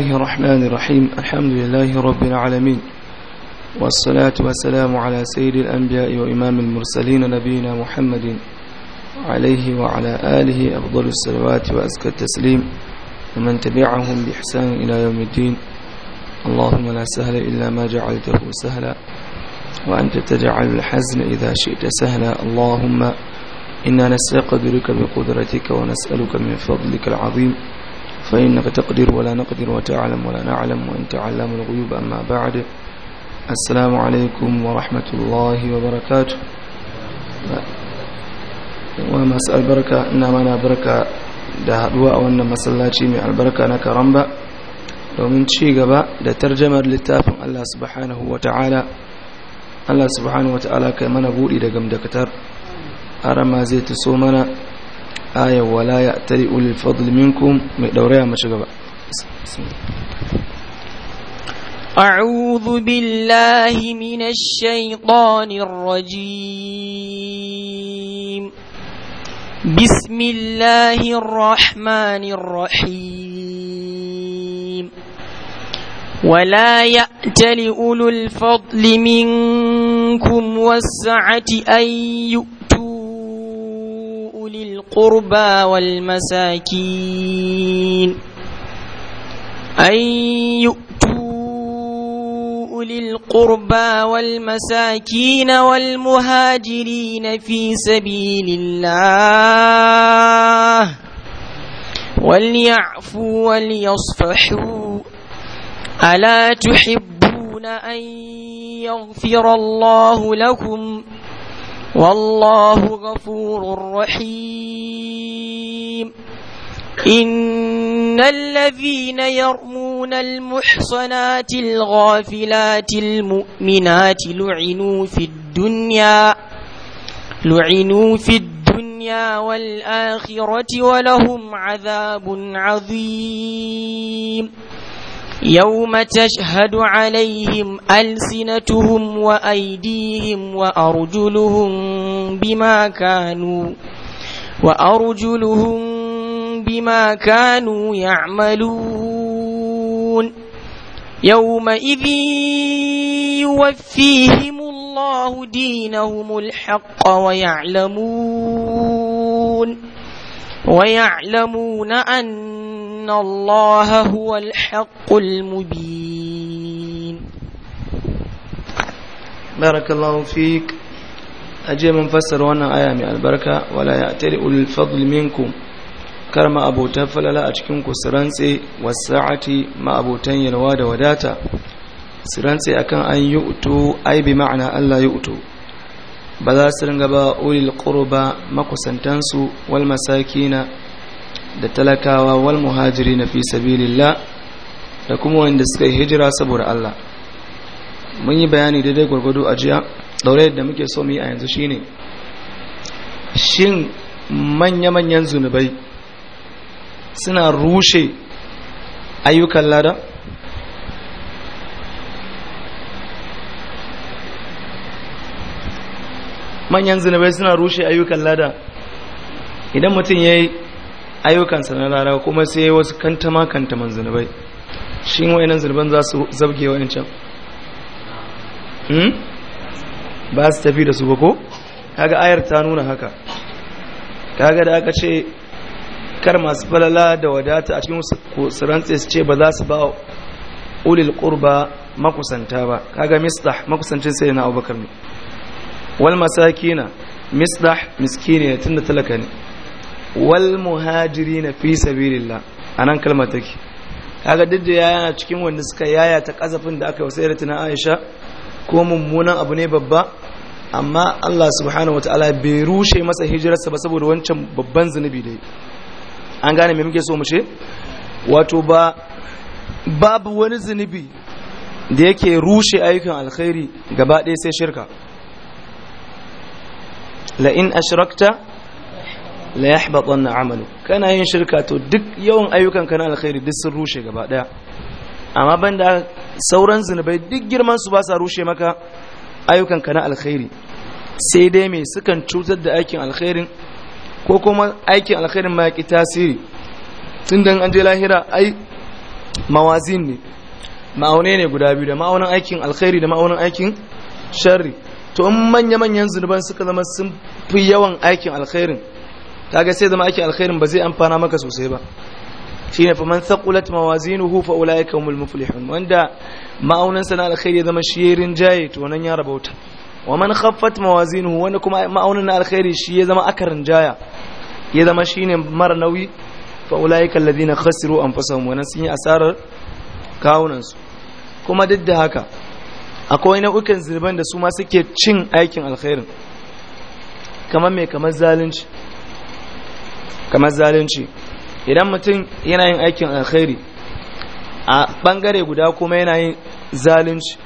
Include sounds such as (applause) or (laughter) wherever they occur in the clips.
الله الرحمن الرحيم الحمد لله رب العالمين والصلاة والسلام على سيد الأنبياء وإمام المرسلين نبينا محمد عليه وعلى آله أفضل الصلوات وأزكى التسليم ومن تبعهم بإحسان إلى يوم الدين اللهم لا سهل إلا ما جعلته سهلا وأنت تجعل الحزن إذا شئت سهلا اللهم إنا نستقدرك بقدرتك ونسألك من فضلك العظيم فإنك تقدر ولا نقدر وتعلم ولا نعلم وأنت علام الغيوب أما بعد السلام عليكم ورحمة الله وبركاته ومساء البركة إنما أنا بركة da haduwa a wannan masallaci mai albarka na karamba domin ci gaba da tarjamar littafin Allah subhanahu wa ta'ala Allah subhanahu wa ta'ala kai mana buɗi daga gamdakatar arama zai taso mana آية ولا يأتري أولي الفضل منكم دوريها ما شكبا أعوذ بالله من الشيطان الرجيم بسم الله الرحمن الرحيم ولا يأتل أولو الفضل منكم والسعة أن يؤتوا أولي القربى والمساكين أن يؤتوا أولي القربى والمساكين والمهاجرين في سبيل الله وليعفوا وليصفحوا ألا تحبون أن يغفر الله لكم ؟ والله غفور رحيم إن الذين يرمون المحصنات الغافلات المؤمنات لعنوا في الدنيا لعنوا في الدنيا والآخرة ولهم عذاب عظيم يوم تشهد عليهم ألسنتهم وأيديهم وأرجلهم بما كانوا وأرجلهم بما كانوا يعملون يومئذ يوفيهم الله دينهم الحق ويعلمون ويعلمون أن إن الله هو الحق المبين بارك الله فيك أجي من فسر وانا آيامي البركة ولا يأترئ الفضل منكم كرم أبو تفل لا أتكنك سرنسي والساعة ما أبو تنين واد وداتا سرنسي أكان أن يؤتوا أي بمعنى ألا يؤتوا بذا سرنغبا أولي القربى مكسنتنسو والمساكين والمساكين da talakawa wal muhajiri na fi sabilillah da kuma wanda suka yi hijira saboda Allah mun yi bayani daidai gwargwado a jiya daure da muke so mu yi a yanzu shine shin manya-manyan zunubai suna rushe ayyukan lada manyan zunubai suna rushe ayyukan lada idan mutum ya yi ayyukansa na rara kuma sai wasu kantama kantaman zunubai shi wa'inan zunuban za su zabge wa'ancan hmm? ba su tafi da su ba ko kaga ayar ta nuna haka kaga da aka ce kar masu falala da wadata a cikin su rantse su ce ba za su ba ulil qurba makusanta ba kaga mistah makusancin sai na abubakar ne wal masakina mistah miskini ne da talaka ne wal na fi a anan kalma take kaga duk da na cikin wanda suka yaya ta kazafin da aka yi yaratu na Aisha ko mummunan abu ne babba amma Allah subhanahu ta'ala bai rushe masa hijirarsa ba saboda wancan babban zunubi dai an gane me muke so mu ce wato ba babu wani zunubi da yake rushe ayyukan alkhairi gaba ɗaya sai shirka La'in in ashrakta la yahbatanna amalu kana yin shirka to duk yawan ayyukan kana alkhairi duk sun rushe gaba daya amma banda sauran zunubai duk girman su ba sa rushe maka ayyukan kana alkhairi sai dai me sukan cutar da aikin alkhairin ko kuma aikin alkhairin ma ki tasiri tun dan an je lahira ai mawazin ne ma'aune ne guda biyu da ma'aunin aikin alkhairi da ma'aunin aikin sharri to in manya-manyan zunuban suka zama sun fi yawan aikin alkhairin kaga sai zama ake alkhairin ba zai amfana maka sosai ba shine fa man thaqulat mawazinuhu fa ulaika humul muflihun wanda ma'aunan sana alkhairi zama shi rinjaye to nan ya rabauta wa man khaffat mawazinuhu wanda kuma ma'aunan na alkhairi shi ya zama aka rinjaya ya zama shine mara nauyi fa ulaika alladhina khasiru anfusahum wa sun yi asarar kawunan su kuma duk da haka akwai nau'ukan zirban da su ma suke cin aikin alkhairin kamar mai kamar zalunci kamar zalunci idan mutum yana yin aikin alkhairi a bangare guda kuma yana yin zalunci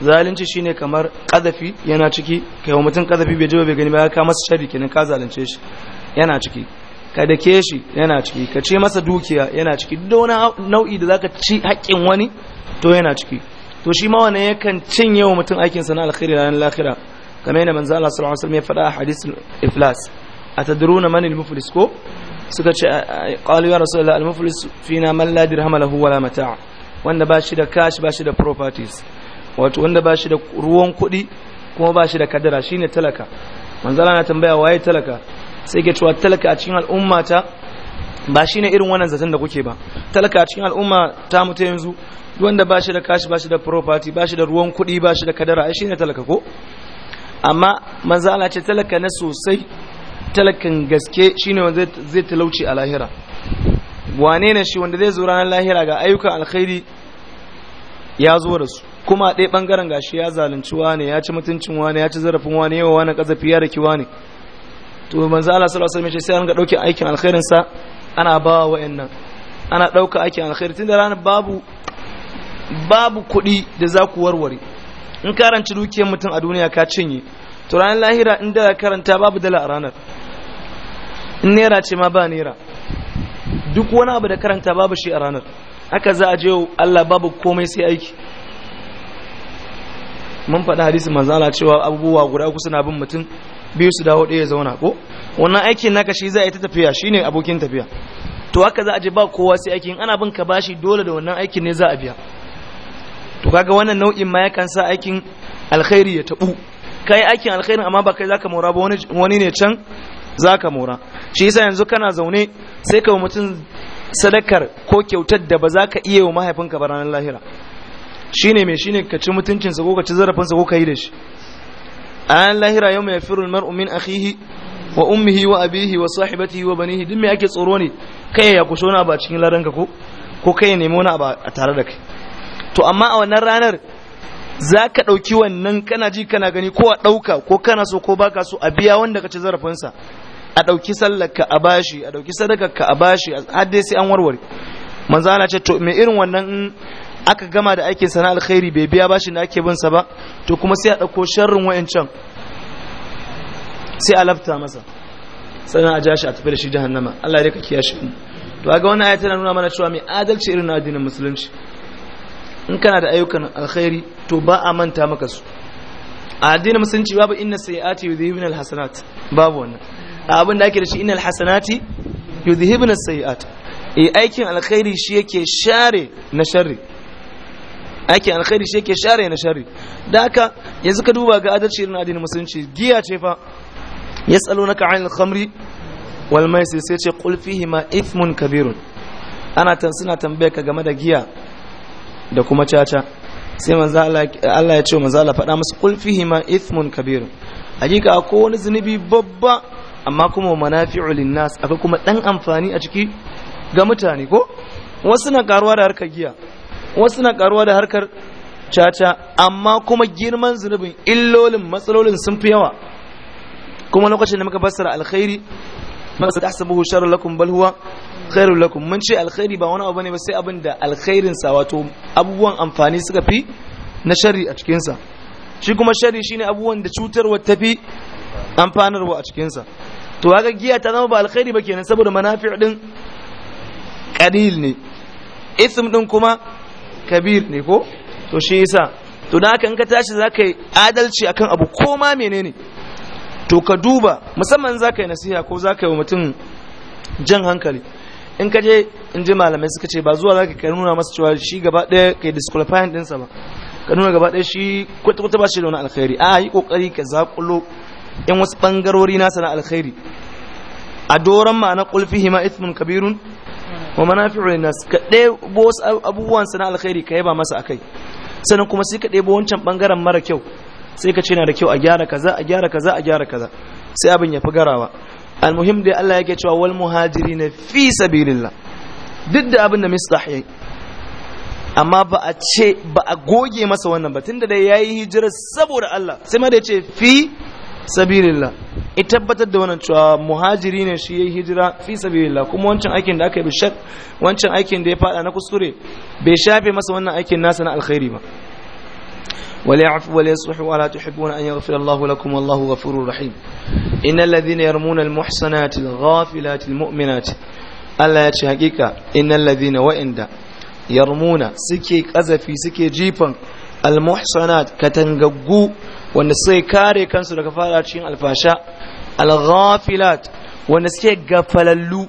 zalunci shine kamar kazafi yana ciki kai wa mutum kazafi bai ji bai gani ba ka masa shari kenan ka zalunce shi yana ciki ka dake shi yana ciki ka ce masa dukiya yana ciki duk wani nau'i da zaka ci haƙƙin wani to yana ciki to shi ma wannan yakan cinye wa mutum aikin sa na alkhairi ranar lahira kamar yadda manzo Allah sallallahu alaihi wasallam ya faɗa a hadisul iflas atadruna man al-muflis ko suka ce qalu ya rasulullah al-muflis fina man la dirham lahu wala mata' wanda ba shi da cash ba shi da properties wato wanda ba shi da ruwan kuɗi kuma ba shi da kadara shine talaka manzala na tambaya waye talaka sai ke cewa talaka a cikin al'umma ta ba ne irin wannan zaton da kuke ba talaka a cikin al'umma ta mutu yanzu wanda ba shi da cash ba shi da property ba shi da ruwan kuɗi ba shi da kadara ai shine talaka ko amma manzala ce talaka na sosai talakan gaske shine wanda zai talauci a lahira wane ne shi wanda zai zo ranar lahira ga ayyukan alkhairi ya zo da su kuma ɗaya ɓangaren gashi ya zalunci wane ya ci mutuncin wane ya ci zarafin wane yawa wane ƙazafi ya raki wane to manzo Allah sallallahu alaihi wasallam sai an ga ɗauke aikin alkhairin sa ana ba wa wayannan ana ɗauka aikin alkhairi tunda ranar babu babu kuɗi da za ku warware in karanci dukiyar mutum a duniya ka cinye to ranar lahira in da karanta babu dala a ranar in naira ce ma ba naira duk wani abu da karanta babu shi a ranar haka za a je Allah babu komai sai aiki mun faɗi hadisi manzala cewa abubuwa guda kusa na bin mutum biyu su dawo ɗaya zauna ko wannan aikin naka shi za a yi ta tafiya shine abokin tafiya to haka za a je ba kowa sai aikin ana bin ka bashi dole da wannan aikin ne za a biya to kaga wannan nau'in ma yakan sa aikin alkhairi ya tabu kai aikin alkhairin amma ba kai zaka mora ba wani ne can za ka mora shi yasa yanzu kana zaune sai ka mutum sadakar ko kyautar da ba za ka iya wa mahaifinka ba ranar lahira shi ne mai shi ne ka ci mutuncinsa ko ka ci zarafinsa ko ka yi da shi a ranar lahira yau mai firin marumin min akhihi wa ummihi wa abihi wa sahibatihi wa banihi duk me ake tsoro ne kai ya kusho na ba cikin ladanka ko ko kai ya nemi wani abu a tare da kai to amma a wannan ranar za ka ɗauki wannan kana ji kana gani ko a ɗauka ko kana so ko baka so a biya wanda ka ci zarafinsa a ɗauki sallarka a bashi a ɗauki sadakarka a bashi har dai sai an warware manzo ana ce to me irin wannan aka gama da aikin sana alkhairi bai biya bashi da ake bin sa ba to kuma sai a ɗauko sharrin wayancan sai a lafta masa sannan a jashi a tafi da shi jahannama Allah ya kake yashi to ga wannan ayat tana nuna mana cewa mai adalci irin addinin musulunci in kana da ayyukan alkhairi to ba a manta maka su a addinin musulunci babu inna sayyati minal alhasanat babu wannan abin da ake da shi inal hasanati yudhibna sayiat e eh, aikin alkhairi shi yake share na sharri aikin alkhairi shi yake share na sharri da haka yanzu ka duba ga adalci irin addinin musulunci giya ce fa yasalunaka 'anil khamri wal maisir sai ce qul fihi ma ithmun kabirun ana tan suna tambaye ka game da giya da kuma caca sai manzo Allah ya ce manzo Allah faɗa musu qul fihi ma ithmun kabirun hakika akwai wani zunubi babba amma kuma manafi'u linnas akwai kuma dan amfani a ciki ga mutane ko wasu na karuwa da harkar giya wasu na karuwa da harkar caca amma kuma girman zunubin illolin matsalolin sun fi yawa kuma lokacin da muka fassara alkhairi sa tahsabuhu sharra lakum bal huwa khairul lakum mun ce alkhairi ba wani abu bane ba sai abin da alkhairin sa wato abubuwan amfani suka fi na sharri a cikin sa shi kuma sharri shine abubuwan da cutarwa fi amfanarwa a cikin sa to kaga giya ta zama ba alkhairi ba kenan saboda manafi' din qalil ne ism din kuma kabir ne ko to shi yasa to dan haka in ka tashi zaka yi adalci akan abu koma menene to ka duba musamman zaka yi nasiha ko zaka yi wa mutum jan hankali in ka je in ji malamai suka ce ba zuwa zaka ka nuna masa cewa shi gaba ɗaya kai disqualifying ɗinsa ba ka nuna gaba ɗaya shi kwata-kwata ba shi da wani alkhairi a yi kokari ka zakulo in wasu bangarori nasa na alkhairi a doron ma'ana kulfi ma ithmun kabirun wa manafi'u linnas ka ɗebo wasu abubuwan sana alkhairi ka yaba masa akai sannan kuma sai ka ɗebo wancan bangaren mara kyau sai ka ce na da kyau a gyara kaza a gyara kaza a gyara kaza sai abin ya fi garawa almuhim dai Allah yake cewa wal na fi sabilillah duk da abin da mislah yayi amma ba a ce ba a goge masa wannan ba tunda da yi hijira saboda Allah sai ma da ce fi sabilillah ita tabbatar da wannan cewa muhajiri ne shi yayi hijira fi sabilillah kuma wancan aikin da aka yi bi shak wancan aikin da ya fada na kusure bai shafe masa wannan aikin nasa na alkhairi ba وليعفوا وليصلحوا ولا تحبون أن يغفر الله لكم والله غفور رحيم إن الذين يرمون المحصنات الغافلات المؤمنات ألا يتشهقك إن الذين وإند يرمون سكي قذفي سكي جيبا المحصنات كتنققوا wanda sai kare kansu daga fara cikin alfasha al-ghafilat wanda suke gafalallu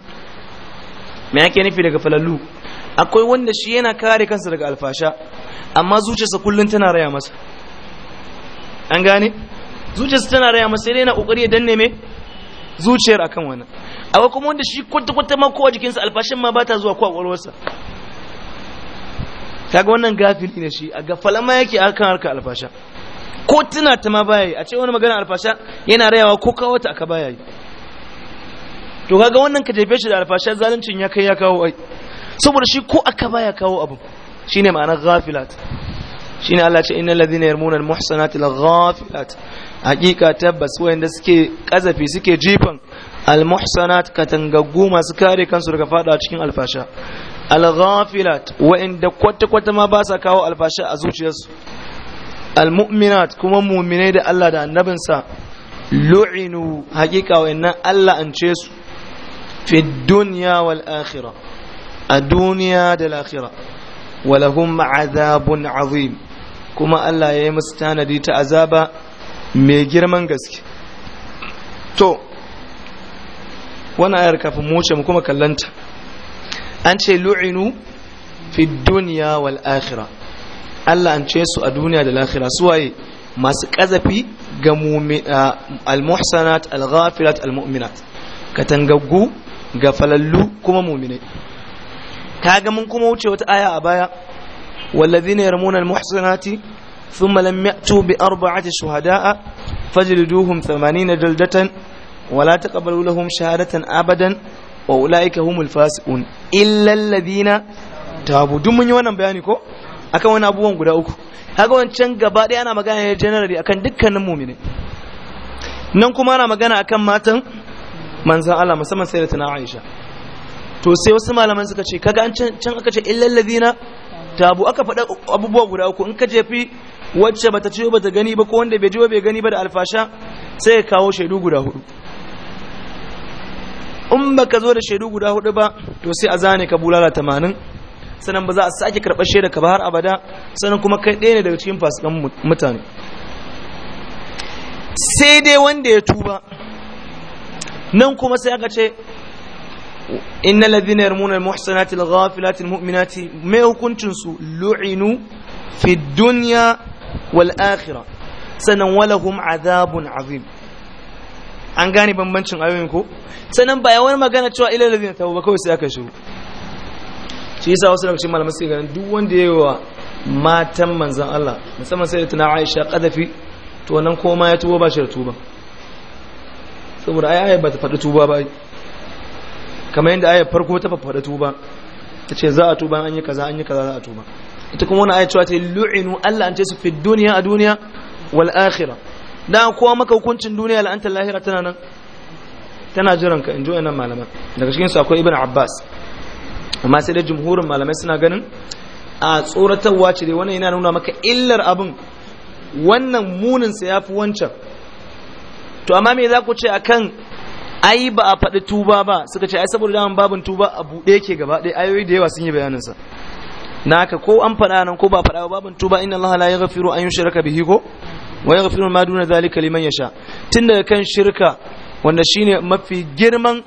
me yake nufi da gafalallu akwai wanda shi yana kare kansa daga alfasha amma zuciyarsa kullun tana raya masa an gane zuciyarsa tana raya masa sai yana kokari ya danne me zuciyar akan wannan akwai kuma wanda shi kwata-kwata ma ko a jikinsa alfashin ma ba ta zuwa ko a ƙwarwarsa kaga wannan gafili ne shi a gafala ma yake akan harka alfasha ko tuna ta ma baya a ce wani magana alfasha yana rayawa ko kawo ta aka baya to kaga wannan ka jefe shi da alfasha zaluncin ya kai ya kawo ai saboda shi ko aka baya kawo abu shine ma'anar ghafilat shine Allah ce innal ladhina yarmuna al-muhsanati al-ghafilat hakika tabbas wayanda suke kazafi suke jifan al-muhsanat katangaggu masu kare kansu daga fada cikin alfasha al-ghafilat wayanda kwata-kwata ma ba sa kawo alfasha a zuciyarsu almu'minat kuma muminai da Allah da annabinsa lu'inu haƙiƙa wayannan Allah an ce su fi duniya wal akhira a duniya da lakhirah walahum azabun azim kuma Allah ya yi musu tanadi ta azaba mai girman gaske to wani ayar kafin mu mu kuma kallanta an ce lu'inu fi duniya wal akhira. Allah an ce su a duniya da lahira suwaye masu ƙazafi ga al-muhsanat al-ghafilat al-mu'minat katangaggu ga falallu kuma mu'minai kaga mun kuma wuce wata aya a baya wallazina yarmuna al-muhsanati thumma lam ya'tu bi arba'ati shuhada'a fajliduhum 80 jaldatan wala taqbalu lahum shahadatan abadan wa ulaika humul fasiqun illa alladhina tabu dun mun yi wannan bayani ko akan wani abubuwan guda uku kaga wancan gaba ɗaya ana magana ne generally akan dukkanin mumini nan kuma ana magana akan matan manzan Allah musamman sai da tana Aisha to sai wasu malaman suka ce kaga an can aka ce illal ladina tabu aka faɗa abubuwa guda uku in ka jefi wacce bata ciyo bata gani ba ko wanda bai jiwo bai gani ba da alfasha sai ya kawo shaidu guda hudu in baka zo da shaidu guda hudu ba to sai a zane ka bulala tamanin sannan ba za a sake karɓar shaida ka ba har abada sannan kuma kai ɗaya ne daga cikin fasikan mutane sai dai wanda ya tuba nan kuma sai aka ce innal ladhina yarmuna al-muhsanati al-ghafilati al-mu'minati mai hukuncin su lu'inu fi dunya wal akhirah sanan walahum adhabun azim an gane bambancin ayoyin ko Sannan ba ya wani magana cewa ilal ladhina tabu ba kawai sai aka shiru shi yasa wasu daga cikin malamai suke ganin duk wanda ya yi wa matan manzan Allah musamman sai da tana Aisha kadafi to nan koma ya tuba ba shi da tuba saboda ai ayar ba ta faɗi tuba ba kamar yadda ayi farko ta faɗi tuba ta ce za a tuba an yi kaza an yi kaza za a tuba ita kuma wani ayar cewa ta lu'inu Allah an ce su fi duniya a duniya wal akhira da kowa maka hukuncin duniya la'antar lahira tana nan tana jiran ka in ji wannan malaman daga cikin su akwai ibn abbas amma sai da jumhurin malamai suna ganin a tsoratarwa ce dai wannan yana nuna maka illar abin wannan muninsa ya fi wancan to amma me za ku ce akan ai ba a faɗi tuba ba suka ce ai saboda daman babin tuba a buɗe yake gaba ɗaya ayoyi da yawa sun yi bayaninsa na haka ko an faɗa nan ko ba faɗa ba babin tuba inna Allah la yaghfiru an yushraka bihi ko wa yaghfiru ma duna zalika liman yasha tun daga kan shirka wanda shine mafi girman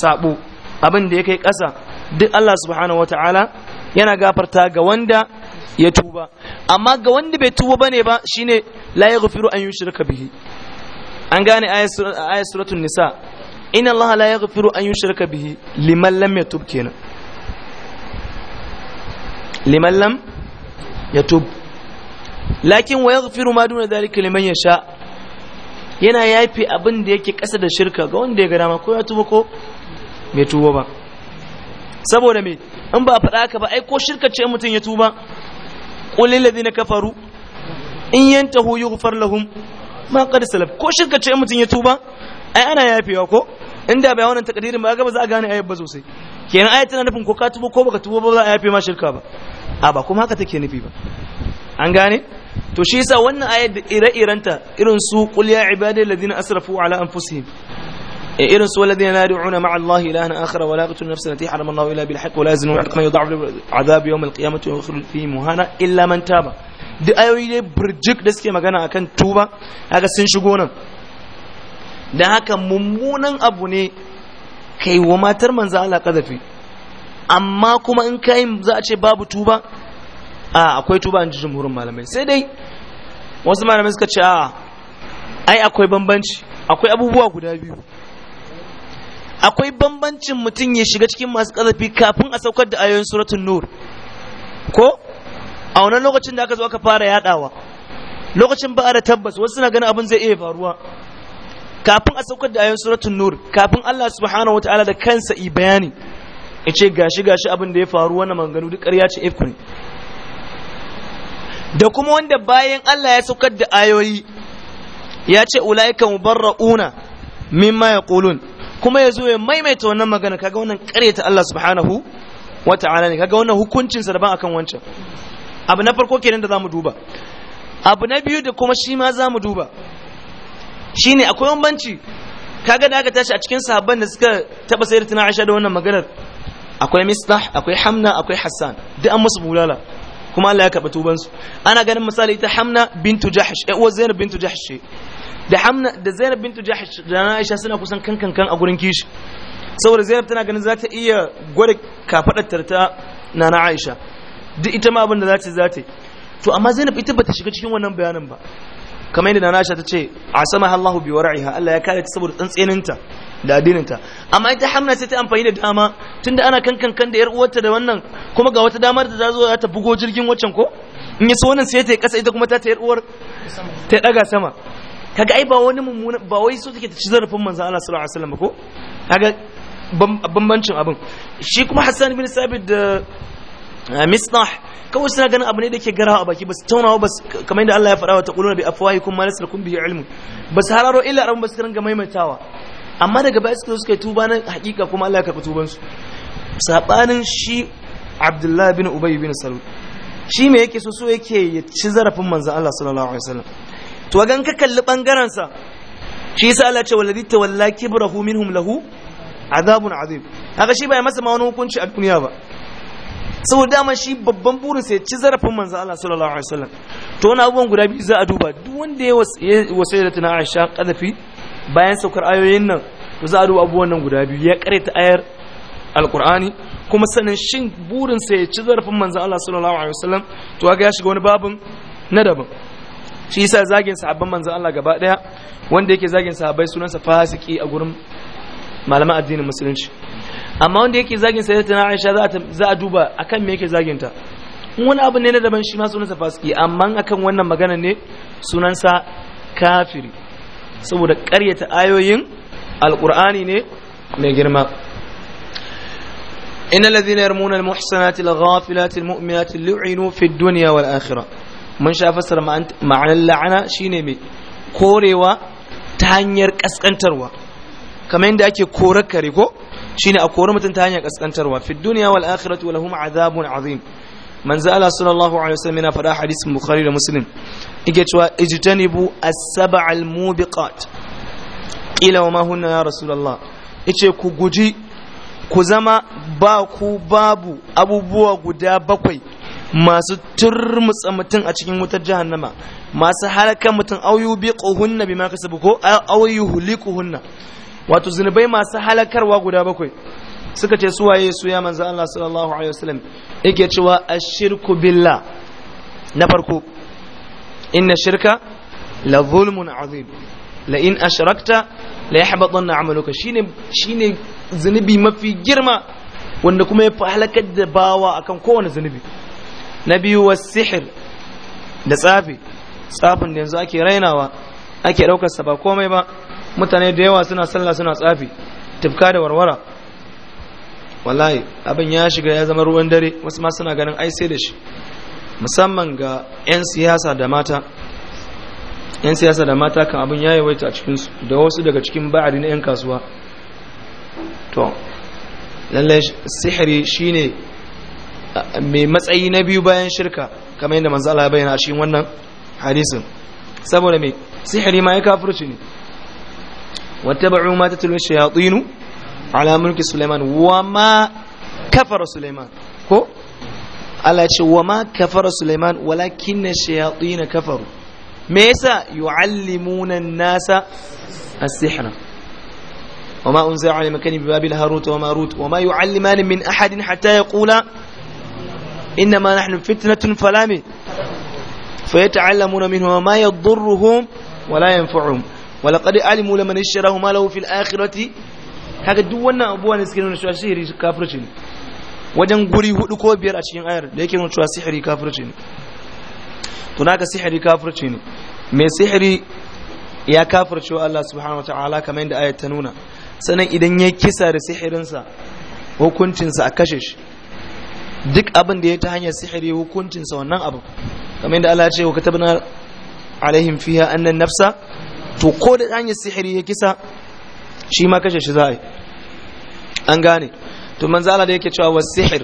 sabo abin da ya kai ƙasa duk Allah subhanahu wataala yana gafarta ga wanda ya tuba amma ga wanda bai tuba bane ba shine la yaghfiru an yushraka bihi an gane ayat suratul nisa inna Allah la yaghfiru an yushraka bihi liman lam yatub kenan liman lam yatub lakin wa yaghfiru ma duna dhalika liman yasha yana yafi abin da yake kasa da shirka ga wanda ya ga dama ko ya tuba ko bai tuba ba saboda me in ba faɗa ka ba ai ko shirka ce mutum ya tuba qul lil ladina kafaru in yantahu yughfar lahum ma qad salaf ko shirka ce mutum ya tuba ai ana yafewa ko inda bai wannan takdirin ba ga ba za a gane ayat ba sosai kenan ayatu tana nufin ko ka tubo ko baka tubo ba za a yafe ma shirka ba a ba kuma haka take nufi ba an gane to shi yasa wannan ayat da ire-irenta irin su qul ya ibadi ladina asrafu ala anfusihim Eh, irin su walladina la yad'una ma'a allahi ilahan akhar wa la yaqtuluna nafsan allati harama allahu illa bil haqq wa la yazinu wa man yudha'af adhab yawm al qiyamati wa yakhrud fihi muhana illa man taba duk ayoyi dai burjik da suke magana akan tuba haka sun shigo nan da haka mummunan abu ne kai wa matar manzo Allah kadafi amma kuma in kai za a ce babu tuba akwai tuba in ji jumhurin malamai sai dai wasu malamai suka ce a ai akwai bambanci akwai abubuwa guda biyu akwai bambancin mutum ya shiga cikin masu ƙazafi kafin a saukar da ayoyin suratun nur ko a wannan lokacin da aka zo aka fara yadawa lokacin ba a da tabbas wasu suna ganin abin zai iya faruwa kafin a saukar da ayoyin suratun nur kafin Allah subhanahu wataala da kansa i bayani ya ce gashi gashi abin da ya faru wannan maganganu duk ƙarya ce ifkun da kuma wanda bayan Allah ya saukar da ayoyi ya ce ulaika mubarra'una mimma yaqulun kuma ya zo ya maimaita wannan magana kaga wannan ta Allah subhanahu wa ta'ala ne kaga wannan hukuncinsa daban akan wancan abu na farko kenan da zamu duba abu na biyu da kuma shi ma zamu duba shine akwai banci? kaga da aka tashi a cikin sahabban da suka taba sayar tana Aisha da wannan maganar akwai Mistah akwai Hamna akwai Hassan duk an musu bulala kuma Allah ya karɓi tubansu ana ganin misali ita Hamna bintu Jahsh ai uwar Zainab bintu Jahsh da hamna da zainab bintu jahish da aisha suna kusan kankan kan a gurin kishi saboda zainab tana ganin za ta iya gwada kafaɗar ta na na aisha duk ita ma abin da za ta za ta to amma zainab ita ba ta shiga cikin wannan bayanin ba kamar yadda na aisha ta ce a sama allahu bi wara'iha allah ya kare ta saboda tsantseninta da addininta amma ita hamna sai ta amfani da dama tunda ana kankan kan da yar uwarta da wannan kuma ga wata damar da za zo ta bugo jirgin waccan ko in yi so wannan sai ta yi kasa ita kuma ta ta yar uwar ta daga sama kaga ai ba wani mummuna ba wai so take ta ci zarafin manzo Allah sallallahu alaihi wasallam ko kaga bambancin abin shi kuma Hassan bin Sabit da eh, Misnah kawai suna ganin abu ne da ke garawa a baki ba taunawa ba kamar yadda Allah ya faɗa wa taquluna bi afwahikum ma lasakum bihi ilmu ba su hararo illa ran ba su ringa maimaitawa amma daga baya suka suka tuba na hakika kuma Allah ya karɓi tuban su sabanin shi Abdullah bin Ubay bin Salul shi me yake so so yake ya ci zarafin manzo Allah sallallahu alaihi wasallam to gan ka kalli bangaren sa shi yasa Allah ce wallazi tawalla kibrahu minhum lahu azabun azim haka shi bai masa ma wani hukunci a duniya ba sau dama shi babban burin sai ci zarafin manzo Allah sallallahu alaihi wasallam to wani abubuwan guda biyu za a duba duk wanda ya wasai da tana Aisha kadafi bayan saukar ayoyin nan to za a duba abubuwan nan guda biyu ya kare ta ayar alqur'ani kuma sanin shin burin sai ya ci zarafin manzo Allah sallallahu alaihi wasallam to ga ya shiga wani babin na daban shi yasa zagin sahabban manzon Allah gaba daya wanda yake zagin sahabbai sunansa fasiki a gurin malaman addinin musulunci amma wanda yake zagin sayyidatuna Aisha za a duba akan me yake zagin ta wani abu ne na daban shi ma sunansa fasiki amma akan wannan magana ne sunansa kafiri saboda karyata ayoyin alƙur'ani ne mai girma إن الذين يرمون المحسنات الغافلات المؤمنات لعنوا في الدنيا والآخرة mun sha fassara ma'anar la'ana shine mai korewa ta hanyar kaskantarwa kamar yadda ake korar kare ko shine a kori mutum ta hanyar kaskantarwa fi duniya wal akhirati wa lahum azabun azim manzo Allah sallallahu alaihi wasallam yana faɗa hadisi bukhari da muslim yake cewa ijtanibu as-sab'a al-mubiqat qila wa ma hunna ya rasulullah yace ku guji ku zama ba ku babu abubuwa guda bakwai masu turmutsa mutum a cikin wutar jahannama masu halakar mutum auyu bi kohunna bi ma sabu ko auyu hulikuhunna wato zunubai masu halakarwa guda bakwai suka ce su waye su ya manzo Allah sallallahu alaihi wasallam yake cewa ashirku billah na farko inna shirka la zulmun azim la in ashrakta la yahbatanna amaluka shine shine zunubi mafi girma wanda kuma ya fi halakar da bawa akan kowane zunubi na biyu wa sihir da tsafi tsafin da yanzu ake rainawa ake daukar sa ba komai ba mutane da yawa suna sallah suna tsafi tufka da warwara wallahi abin ya shiga ya zama ruwan dare wasu ma suna ganin ai sai da shi musamman ga 'yan siyasa da mata 'yan siyasa da mata kan abin ya yawaita a cikinsu da wasu daga cikin ba'ari na 'yan kasuwa to lallai sihiri shine mai matsayi na biyu bayan shirka kamar yadda manzo Allah ya bayyana a wannan hadisin saboda me sihiri ma ya kafirci ne wattaba'u ma tatlu shayatin ala mulki Sulaiman wa ma kafara Sulaiman ko Allah ya ce wa ma kafara Sulaiman walakin shayatin kafaru me yasa yu'allimuna an-nasa as-sihra وما أنزل على مكان ببابل هاروت وماروت وما يعلمان من أحد حتى يقولا إنما نحن فتنة فلا من فيتعلمون منهما ما يضرهم ولا ينفعهم ولقد علموا لمن اشتراه ما له في الآخرة duk wannan abubuwa ne suke nuna cewa sihiri kafirci ne wajen guri hudu ko biyar a cikin ayar da yake nuna cewa sihiri kafirci ne to naka sihiri kafirci ne mai sihiri ya kafirce wa Allah subhanahu wataala kamar yadda ayar ta nuna sannan idan ya kisa da sihirinsa hukuncinsa a kashe shi duk abin da ya ta hanyar sihiri hukuncinsa wannan abu kamar yadda Allah ya ce wa katabna alaihim fiha annan nafsa to ko da hanyar sihiri ya kisa shi ma kashe shi za a yi an gane to manzo Allah da yake cewa wa sihir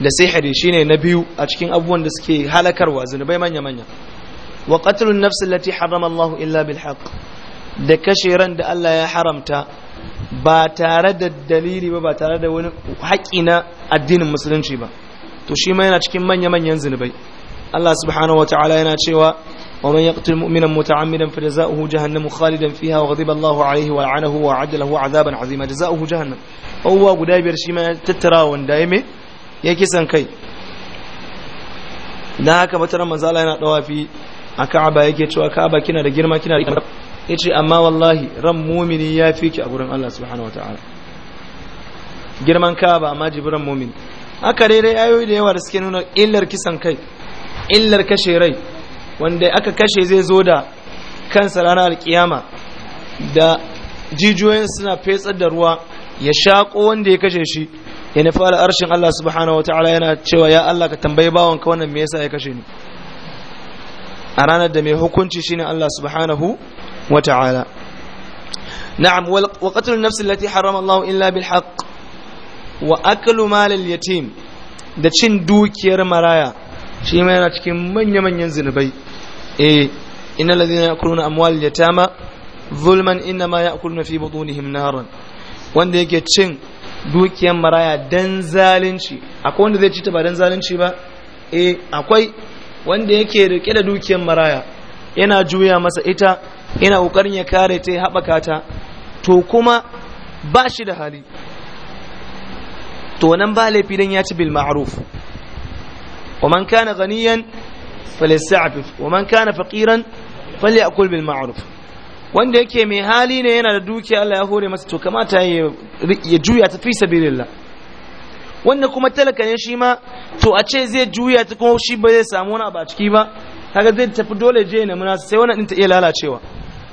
da sihiri shine na biyu a cikin abubuwan da suke halakarwa zunubai manya manya wa qatlun nafs allati harrama Allah illa bil haqq da kashe ran da Allah ya haramta ba tare da dalili ba ba tare da wani haƙi na addinin musulunci ba to shi ma yana cikin manya-manyan zunubai Allah subhanahu wata'ala yana cewa wa man yaqtul mu'mina muta'ammidan fa jazaohu jahannam khalidan fiha wa ghadiba Allahu alayhi wa la'anahu wa a'adda lahu 'adaban 'azima jazaohu jahannam uwa guda biyar shi ma tattara wanda ya me ya kisan kai dan haka mataran manzo Allah yana dawafi a Ka'aba yake cewa Ka'aba kina da girma kina da yace amma wallahi ran mumini ya fi ki a gurin Allah subhanahu wataala girman ka ba amma jibran mumini Aka dai dai ayoyi da yawa da suke nuna illar kisan kai illar kashe rai wanda aka kashe zai zo da kansa ranar alkiyama da jijiyoyin suna fetsar da ruwa ya shako wanda ya kashe shi ya nufi arshin Allah subhanahu wa yana cewa ya Allah ka tambayi bawanka wannan me yasa ya kashe ni a ranar da mai hukunci shine Allah subhanahu وتعالى نعم وقتل النفس التي حرم الله إلا بالحق وأكل مال اليتيم da cin dukiyar maraya shi ma yana cikin manya-manyan zunubai eh ina inna ladina yakuluna amwal yatama zulman inna ma na fi butunihim naran wanda yake cin dukiyar maraya dan zalunci akwai wanda zai ci ta ba dan zalunci ba eh akwai wanda yake rike da dukiyar maraya yana juya masa ita yana ƙoƙarin ya kare ta ya haɓaka ta to kuma ba shi da hali to nan ba laifi dan ya ci bil ma'aruf wa man kana ghaniyan falyasta'fif wa man kana faqiran falyakul bil ma'aruf. wanda yake mai hali ne yana da dukiya Allah ya hore masa to kamata ya juya ta fi sabilillah wanda kuma talaka shi ma to a ce zai juya ta kuma shi ba zai samu wani abu a ciki ba kaga zai tafi dole je ne muna sai wannan din ta iya lalacewa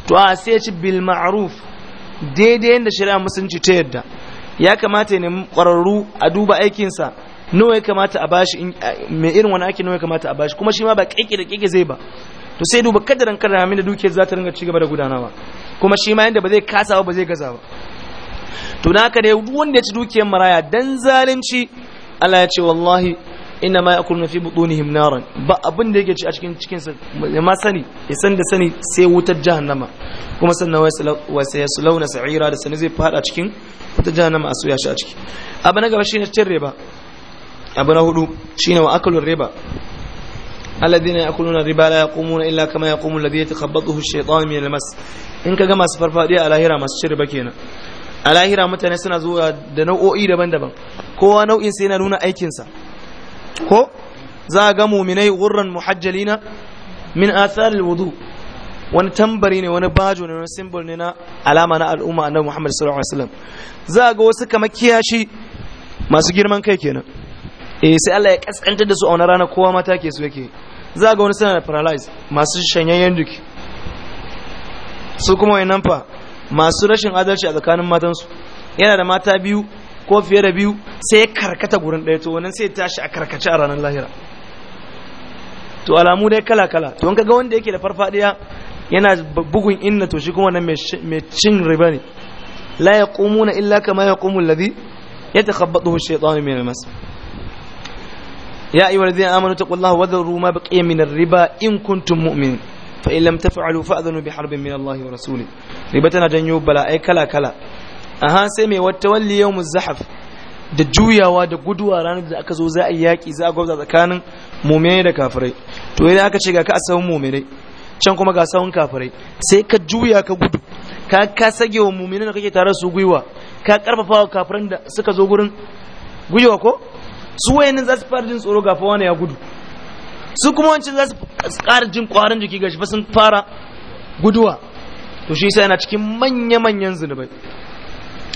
to a sai ya ci bil ma'ruf daidai yadda shari'a musulunci ta yadda ya kamata ne kwararru a duba aikinsa nawa ya kamata a bashi mai irin wani aiki nawa ya kamata a bashi kuma shi ma ba kike da kike zai ba to sai duba kadarin kada min da dukiyar za ta ringa ci gaba da gudanawa kuma shi ma yanda ba zai kasa ba zai gaza ba to naka ne wanda ya ci dukiyar maraya dan zalunci Allah ya ce wallahi inna ma yakuluna fi butunihim naran ba abin da yake ci a cikin cikin sa ma sani ya san da sani sai wutar jahannama kuma sannan wa sayaslawna sa'ira da sani zai fada cikin wutar jahannama a soya shi a ciki abu na gaba shine cin riba abu na hudu shine wa akalu riba alladhina yakuluna riba la yaqumuna illa kama yaqumu alladhi yatakhabbathu ash-shaytan min al-mas in ka ga masu farfadiya a lahira masu cin riba kenan a lahira mutane suna zuwa da nau'o'i daban-daban kowa nau'in sai na nuna aikinsa ko za ga muminai gurran muhajjalina min atharil wudu wani tambari ne wani bajo ne wani simbol ne na alama na al'umma annabi Muhammad sallallahu alaihi wasallam za ga wasu kamar kiyashi masu girman kai kenan e sai Allah ya kaskantar da su a wani rana kowa mata ke su yake za ga wani sanar paralyzed masu shanyayyen duki, su kuma wayannan fa masu rashin adalci a tsakanin matansu yana da mata biyu ko fiye da biyu sai ya karkata gurin ɗaya to wannan sai ya tashi a karkace a ranar lahira to alamu dai kala kala to in kaga wanda yake da farfadiya yana bugun inna to shi kuma wannan mai cin riba ne la yaqumuna illa kama yaqumu alladhi yatakhabbathu ash-shaytanu min al-mas يا أيها الذين آمنوا اتقوا الله min. ما بقي من الربا إن كنتم مؤمنين فإن لم تفعلوا فأذنوا بحرب من الله ورسوله ربتنا جنيوب janyo أي kala-kala. aha sai mai wata walli yau zahaf da juyawa da guduwa ranar da aka zo za a yi yaƙi za a gwabza tsakanin muminai da kafirai to idan aka ce ga ka a sahun muminai can kuma ga sahun kafirai sai ka juya ka gudu ka ka sage wa muminai da kake tare su gwiwa ka karfafa wa kafiran da suka zo gurin gwiwa ko su wayannan za su fara jin tsoro gafa wani ya gudu su kuma wancan za su ƙara jin ƙwarin jiki ga fa sun fara guduwa to shi yana cikin manya-manyan zunubai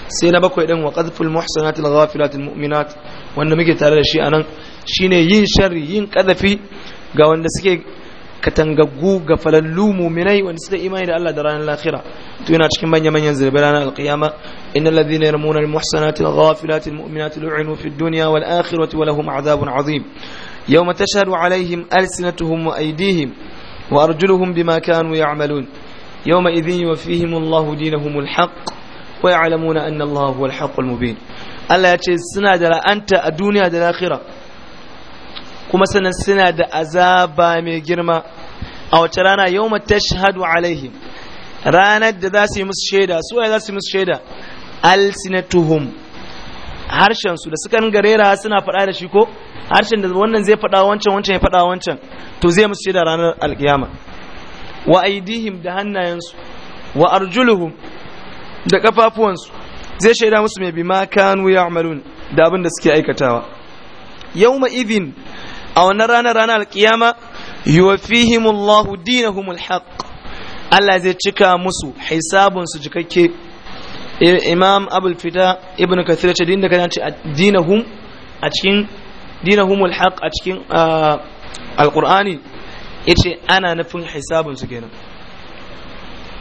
sai na bakwai din wa qadful muhsanatil ghafilatil mu'minat wanda muke tare da shi anan shine yin sharri yin qadafi ga wanda suke katangaggu ga falallu mu'minai wanda suka imani da Allah da ranar lahira to yana cikin manyan manyan zirbe ranar alqiyama innal ladhina yarmuna al muhsanatil ghafilatil mu'minatil lu'inu fid dunya wal akhirati wa lahum adhabun azim yawma tashhadu alaihim alsinatuhum wa aydihim kanu yamalun كانوا يعملون يومئذ يوفيهم الله دينهم الحق wa ya'lamuna anna Allah huwa al-haqqul mubin Allah ya ce suna da la'anta a duniya da lahira kuma sanan suna da azaba mai girma a wace rana yawma tashhadu alaihim ranar da za su musu shaida su waye za harshen su da suka garera suna faɗa da shi ko harshen da wannan zai faɗa wancan wancan ya faɗa wancan to zai musu shaida ranar alkiyama wa aidihim da hannayensu wa arjuluhum da kafafuwansu zai shaida musu mai bima kanu ya'malun da abin da suke aikatawa yawma idhin a wannan ranar ranar alkiyama yofihimullahu dinahumul haqq Allah zai cika musu hisabun su jikakke Imam Abul Fida Ibn Kathir ce din da kana ce dinahum a cikin dinahumul a cikin alqur'ani yace ana nufin hisabun su kenan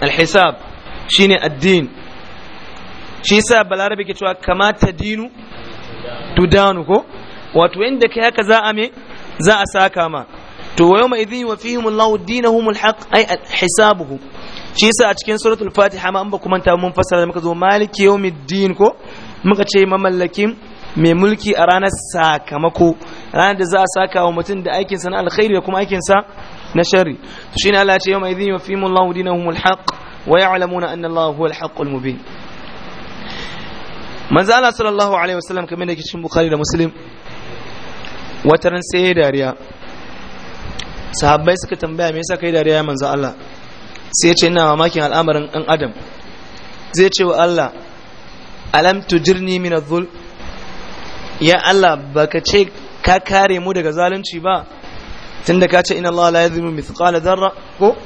alhisab shine addin shi yasa balarabe ke cewa kamata dinu tudanu ko wato inda kai haka za a me za a saka ma to wa yawma idhin wa fihim Allahu dinahum alhaq ay hisabuhum shi yasa a cikin suratul fatiha ma an ba kuma ta mun fassara muka zo maliki yawmiddin ko muka ce mamallakin mai mulki a ranar sakamako ranar da za a saka wa mutum da aikinsa na alkhairi da kuma aikinsa na shari shi ne Allah ce yau mai zini wa fimun Allah dinahum alhaq wa ya'lamuna anna Allah huwa alhaq mubin manzo Allah sallallahu alaihi wasallam kamar da yake cikin Bukhari da Muslim wataran sai ya dariya sahabbai suka tambaya me yasa kai dariya ya manzo Allah sai ya ce ina mamakin al'amarin ɗan adam zai ce wa Allah alam tujirni min adh ya Allah baka ce ka kare mu daga zalunci ba tunda ka ce inna Allah la yadhlimu mithqala dharra ko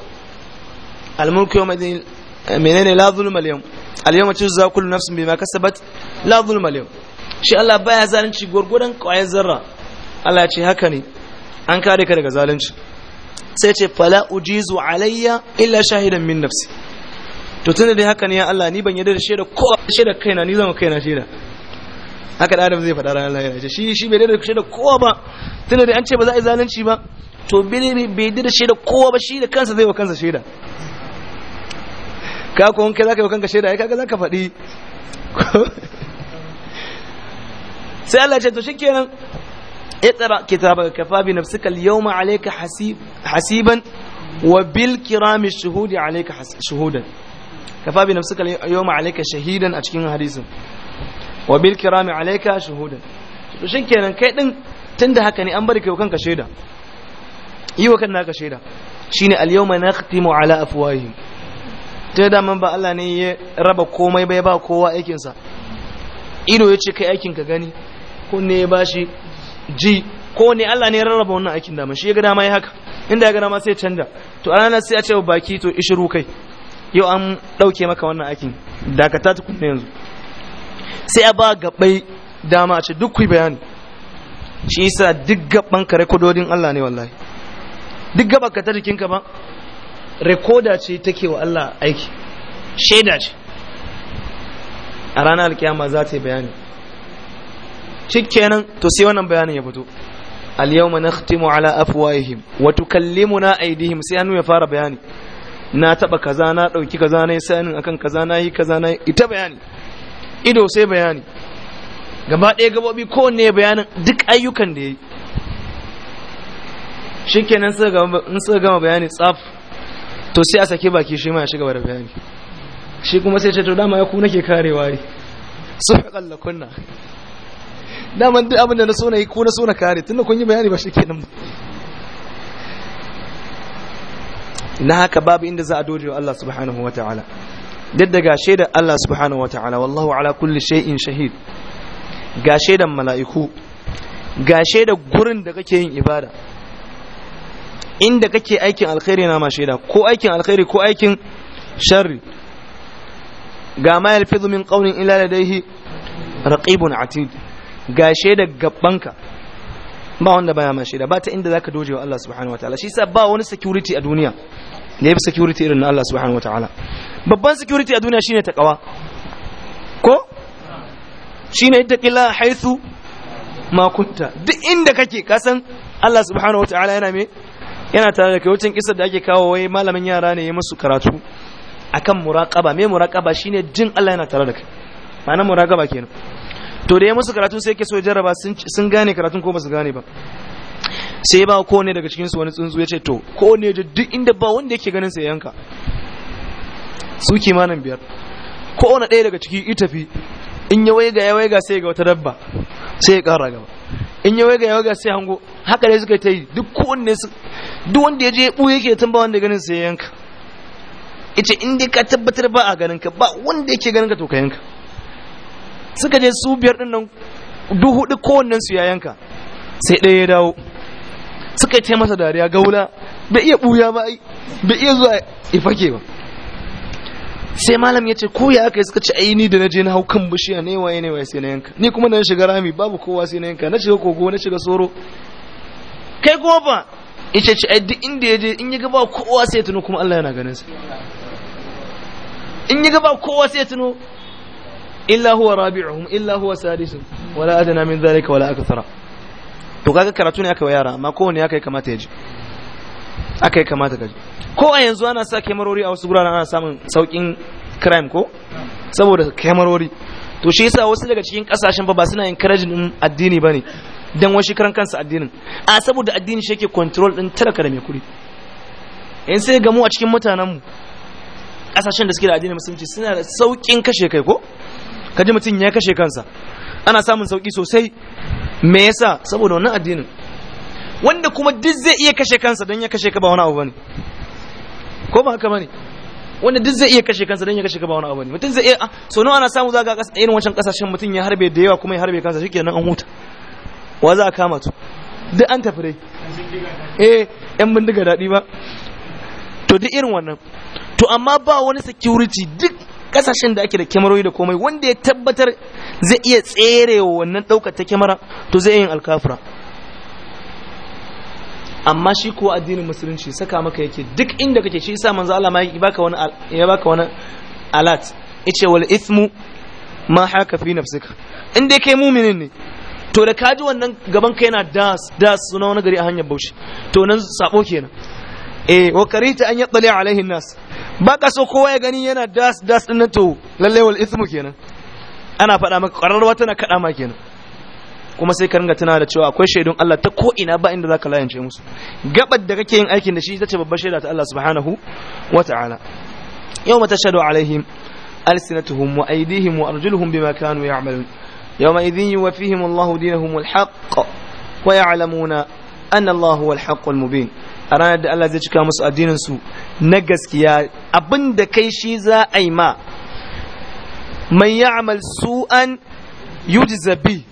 al-mulku yawma menene la zulma al-yawm alyawma yawma tujza kullu nafsin bima kasabat la zulma al-yawm shi Allah baya zalunci gurgurdan kwayan zarra Allah ya ce haka ne an kare ka daga zalunci sai ce fala ujizu alayya illa shahidan min nafsi to tunda dai haka ne ya Allah ni ban yarda da shaida ko shaida kaina ni zama kaina shaida haka da Adam zai faɗa Allah ya ce shi shi bai yarda da shaida kowa ba tunda dai an ce ba za a yi zalunci ba to bai yarda da shaida kowa ba shi da kansa zai wa kansa shaida ka ko kai zaka yi kanka shaida ai kaga ka faɗi sai Allah ya ce to shikenan kenan kai din tunda haka ne an bari kai shaida yi shaida shine al ala afwahihim ta daman ba Allah ne ya raba komai bai ba kowa aikinsa ido ya ce kai aikin ka gani ko ne ya bashi ji ko ne Allah ne ya rarraba wannan aikin daman shi ya ga dama ya haka inda ya ga dama sai canja to ranar sai a ce baki to ishiru kai yau an ɗauke maka wannan aikin dakata ta kunne yanzu sai a ba gabai dama a ce duk kuyi bayani shi yasa duk gaban ka rekododin Allah ne wallahi duk gaban ka ta jikinka ba rekoda ce take wa Allah aiki shaida ce a ranar alkiyama za ta yi bayani shikenan to sai wannan bayanin ya fito al-yawma nakhtimu ala afwahihim wa tukallimuna aydihim sai hannu ya fara bayani na taba kaza na dauki kaza na yi sanin akan kaza na yi kaza na ita bayani ido sai bayani gaba ɗaya gabobi kowanne bayanin duk ayyukan da ya yi shikenan in sai gama bayani tsaf to sai a sake baki shi ma ya shiga da bayani shi kuma sai ce to dama ya ku nake karewa ne su ya kalla kunna dama duk abin da na so na yi ko na so na kare da kun yi bayani ba shi ke nan na haka babu inda za a doje wa Allah subhanahu wa ta'ala duk da ga shaidar Allah subhanahu wa ta'ala wallahu ala kulli shay'in shahid ga shaidar mala'iku ga shaidar gurin da kake yin ibada inda kake aikin alkhairi na ma ko aikin alkhairi ko aikin sharri ga ma yalfizu min qawlin illa ladayhi raqibun atid ga shaida gabbanka ba wanda baya ma ba ta inda zaka dojewa wa Allah subhanahu wataala shi yasa ba wani security a duniya da yafi security irin na Allah subhanahu wataala babban security a duniya shine takawa ko shine ittaqilla haythu ma kunta duk inda kake kasan Allah subhanahu wataala yana me yana tare da kai wucin kisar da ake kawo wai malamin yara ne ya musu karatu akan muraqaba me muraqaba shine jin Allah yana tare da kai ma'anar muraqaba kenan to da ya musu karatu sai yake so ya jarraba sun gane karatun ko ba su gane ba sai ba ko ne daga cikin su wani tsuntsu ya ce to ko ne da duk inda ba wanda yake ganin sai yanka su kimanin biyar ko wani ɗaya daga ciki itafi in ya waiga ya waiga sai ga wata dabba sai ya ƙara gaba in yi waga ya waga sai hango haka dai suka ta yi duk kowanne su duk wanda ya je ɓu yake tun ba wanda ganin sai yanka ita in dai ka tabbatar ba a ganin ka ba wanda yake ganin ka to ka yanka suka je su biyar din nan duk hudu kowannen su ya yanka sai ɗaya ya dawo suka yi masa dariya gaula bai iya ɓuya ba bai iya zuwa ifake ba sai malam ya ce ko ya aka yi suka ce aini da naje na hau kan bishiya ne waye ne waye sai na yanka ni kuma na shiga rami babu kowa sai na yanka na shiga kogo na shiga soro kai kuma ba yace ce duk inda yaje in ya gaba kowa sai ya tuno kuma Allah yana ganin sa in ya gaba kowa sai ya tuno illa huwa rabi'uhum illa huwa sadisuhum wala adana min dhalika wala akthara to kaga karatu ne aka wa yara amma kowanne ya kai kamata ya ji aka yi kamata ka ko a yanzu ana sa kyamarori a wasu guraren ana samun saukin crime ko saboda kyamarori to shi yasa wasu daga cikin kasashen ba ba suna encouraging din addini bane dan wasu karan kansa addinin a saboda addini shi yake control din talaka da mai kuɗi in sai ga mu a cikin mutanen mu kasashen da suke da addinin musulunci suna da saukin kashe kai ko kaji mutum ya kashe kansa ana samun sauki sosai me yasa saboda wannan addinin wanda kuma duk zai iya kashe kansa don ya kashe ka ba wani abu bane ko ba haka bane wanda duk zai iya kashe kansa don ya kashe ka ba wani abu bane mutum zai iya ah, so nawa ana samu zaga irin wancan kasashen mutum ya harbe da yawa kuma ya harbe kansa shikenan an huta wa za a kama to duk an tafi dai eh yan bindiga daɗi ba to duk irin wannan to amma ba wani security duk kasashen da ake da kyamarori da komai wanda ya tabbatar zai iya tserewa wannan ɗaukar ta kyamara to zai yin alkafura. amma shi ko addinin musulunci saka maka yake duk inda kake shi isa manzo Allah ma ya baka wani ya baka wani alat yace wal ismu ma haka fi nafsika inda kai muminin ne to da kaji wannan gaban ka yana das das suna wani gari a hanyar bauchi to nan sabo kenan eh wa karita an yattali alaihi nas baka so kowa ya gani yana das das din to lalle wal ismu kenan ana faɗa maka ƙwararwa tana kaɗa ma kenan kuma sai ka ringa tana da cewa akwai shaidun Allah ta ko ina ba inda zaka layance musu gabar da kake yin aikin da shi ita ce babbar shaida ta Allah subhanahu wa wata'ala yawma tashhadu alaihim alsinatuhum wa aydihim wa arjuluhum bima kanu ya'malun yawma idhin yuwaffihim Allahu dinahum alhaq wa ya'lamuna anna Allah huwa alhaqqul mubin aran ranar da Allah zai cika musu addinin su na gaskiya abinda kai shi za a yi ma man ya'mal su'an yujza bi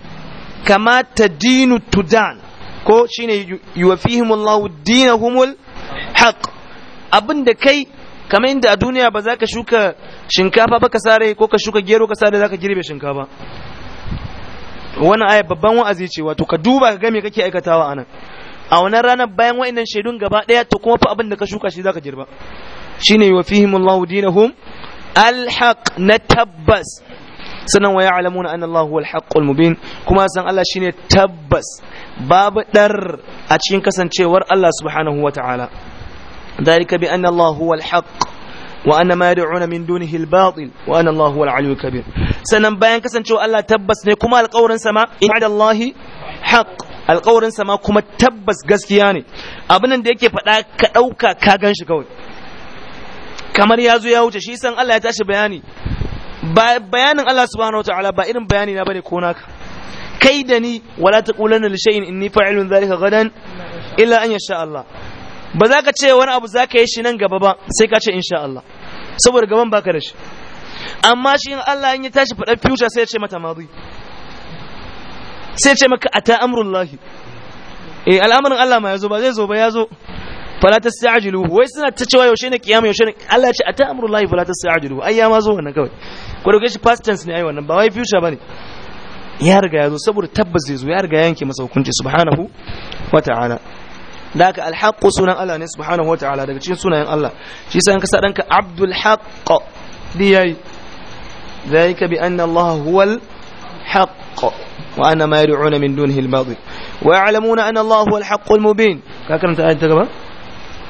kama tadinu tudan ko shine yuwafihimullahu dinahumul haqq abinda kai kama inda a duniya ba za ka shuka shinkafa ba ka sare ko ka shuka gero ka sare za ka girbe shinkafa wani aya babban wa'azi ce wato ka duba ka ga kake aikatawa anan a wannan ranar bayan wa'annan shaidun gaba daya to kuma fa abin da ka shuka shi zaka girba shine wa fihimullahu dinahum alhaq na tabbas sannan wa ya'lamuna anna Allah huwal haqqul mubin kuma san Allah shine tabbas babu dar a cikin kasancewar Allah subhanahu wata'ala dalika bi anna Allah huwal haqq wa anna ma yad'una min dunihi al-batil wa anna Allah huwal aliyyul kabir sannan bayan kasancewar Allah tabbas ne kuma alƙawarin sama inda Allah haqq alƙawarin sama kuma tabbas gaskiya ne abin da yake faɗa ka ɗauka ka ganshi kawai kamar ya zo ya wuce shi san Allah ya tashi bayani bayanin Allah subhanahu ta'ala ba irin bayani na bane ko naka kai da ni wala taqulanna li shay'in inni fa'ilun dhalika gadan illa an yasha Allah ba za ka ce wani abu za ka yi shi nan gaba ba sai ka ce insha Allah saboda gaban baka da shi amma shi in Allah in ya tashi faɗar future sai ya ce mata madi sai ya ce maka ata amrullahi eh al'amarin Allah ma ya zo ba zai zo ba ya zo fala tastajilu wai suna ta cewa yaushe ne kiyama yaushe ne Allah ya ce ata amrullahi fala tastajilu ai ya ma zo wannan kawai ko da shi past tense ne ai wannan ba wai future bane ya riga ya zo saboda tabbas zai zo ya riga yanke masa hukunci subhanahu wata'ala da haka alhaq sunan Allah ne subhanahu ta'ala daga cikin sunayen Allah shi yasa in ka sa danka abdul haqq diyai ذلك بأن الله هو الحق وأن ما يدعون من دونه الباطل ويعلمون أن الله هو الحق المبين كاكرمت آية تقبل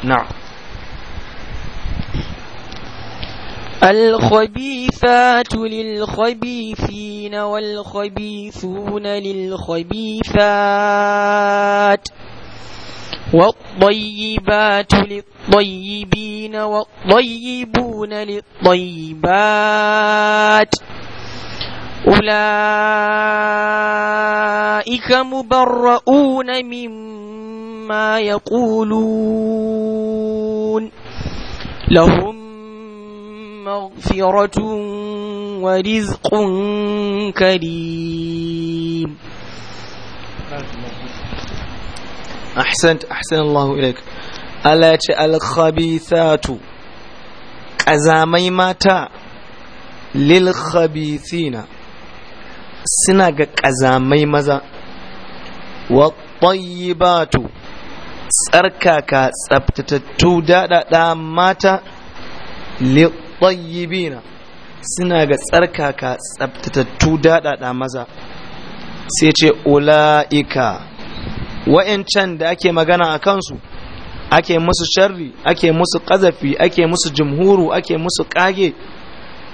نعم الخبيثات للخبيثين والخبيثون للخبيثات والطيبات للطيبين والطيبون للطيبات أولئك مبرؤون مما ما يقولون لهم مغفرة ورزق كريم أحسنت أحسن الله إليك ألا الخبيثات كزاميمات للخبيثين سنغ كزاميمز والطيبات والطيبات tsarkaka tsaftatattu daɗaɗa mata liɓayyibina suna ga tsarkaka tsaftatattu daɗaɗa maza sai ce ula'ika wa'yancan da ake magana a kansu ake musu sharri ake musu ƙazafi ake musu jumhuru ake musu ƙage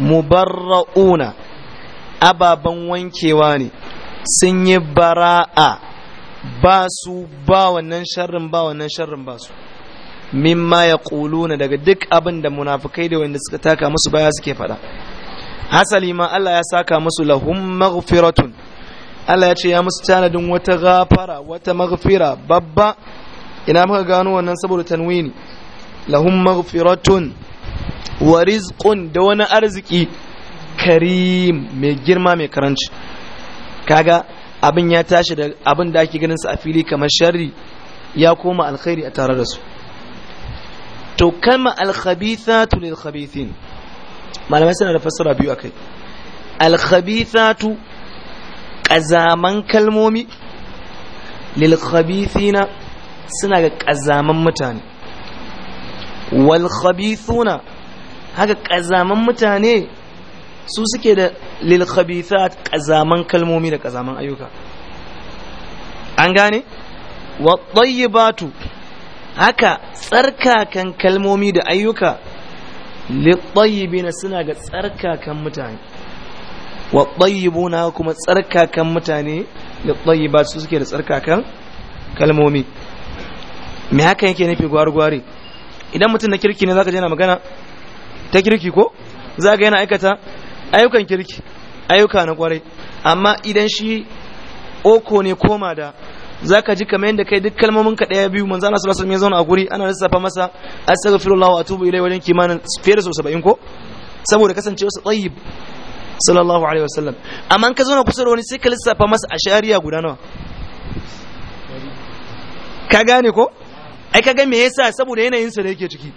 mubarra'una ababen wankewa ne sun yi bara'a ba su ba wannan sharrin ba wannan sharrin ba su mimma ya ƙuluna daga duk abin da munafukai da wanda suka taka musu baya suke faɗa hasali ma Allah ya saka musu lahum maghfiratun Allah ya ce ya musu tanadin wata gafara wata maghfira babba ina muka gano wannan saboda tanwini lahum maghfiratun wa rizqun da wani arziki karim mai girma mai karanci kaga abin ya tashi da abin da ake ganin su a fili kamar sharri ya koma alkhairi a tare da su to kama alkhabithatu lil khabithin malamai suna da fassara biyu akai alkhabithatu kazaman kalmomi lil suna ga kazaman mutane wal haka kazaman mutane su suke da lil khabithat kazaman kalmomi da kazaman ayyuka an gane wa tayyibatu haka tsarkakan kalmomi da ayyuka littayyibina suna ga tsarkakan mutane wa tayyibuna kuma tsarkakan mutane littayyibatu su suke da tsarkakan kalmomi me haka yake nufi gwari-gwari idan mutum na kirki ne zaka je na magana ta kirki ko zaka yana aikata ayyukan kirki ayyuka na kwarai amma idan shi oko ne koma da za ka ji kamar yadda kai duk kalmomin ka ɗaya biyu manzan Allah sallallahu mai zaune a guri ana lissafa masa astaghfirullah a tubu ilai wajen kimanin fiye da sau 70 ko saboda kasancewa sa tayyib sallallahu alaihi wasallam amma ka zauna kusa da wani sai ka lissafa masa shari'a guda nawa ka gane ko ai ka ga me yasa saboda yanayin sa da yake ciki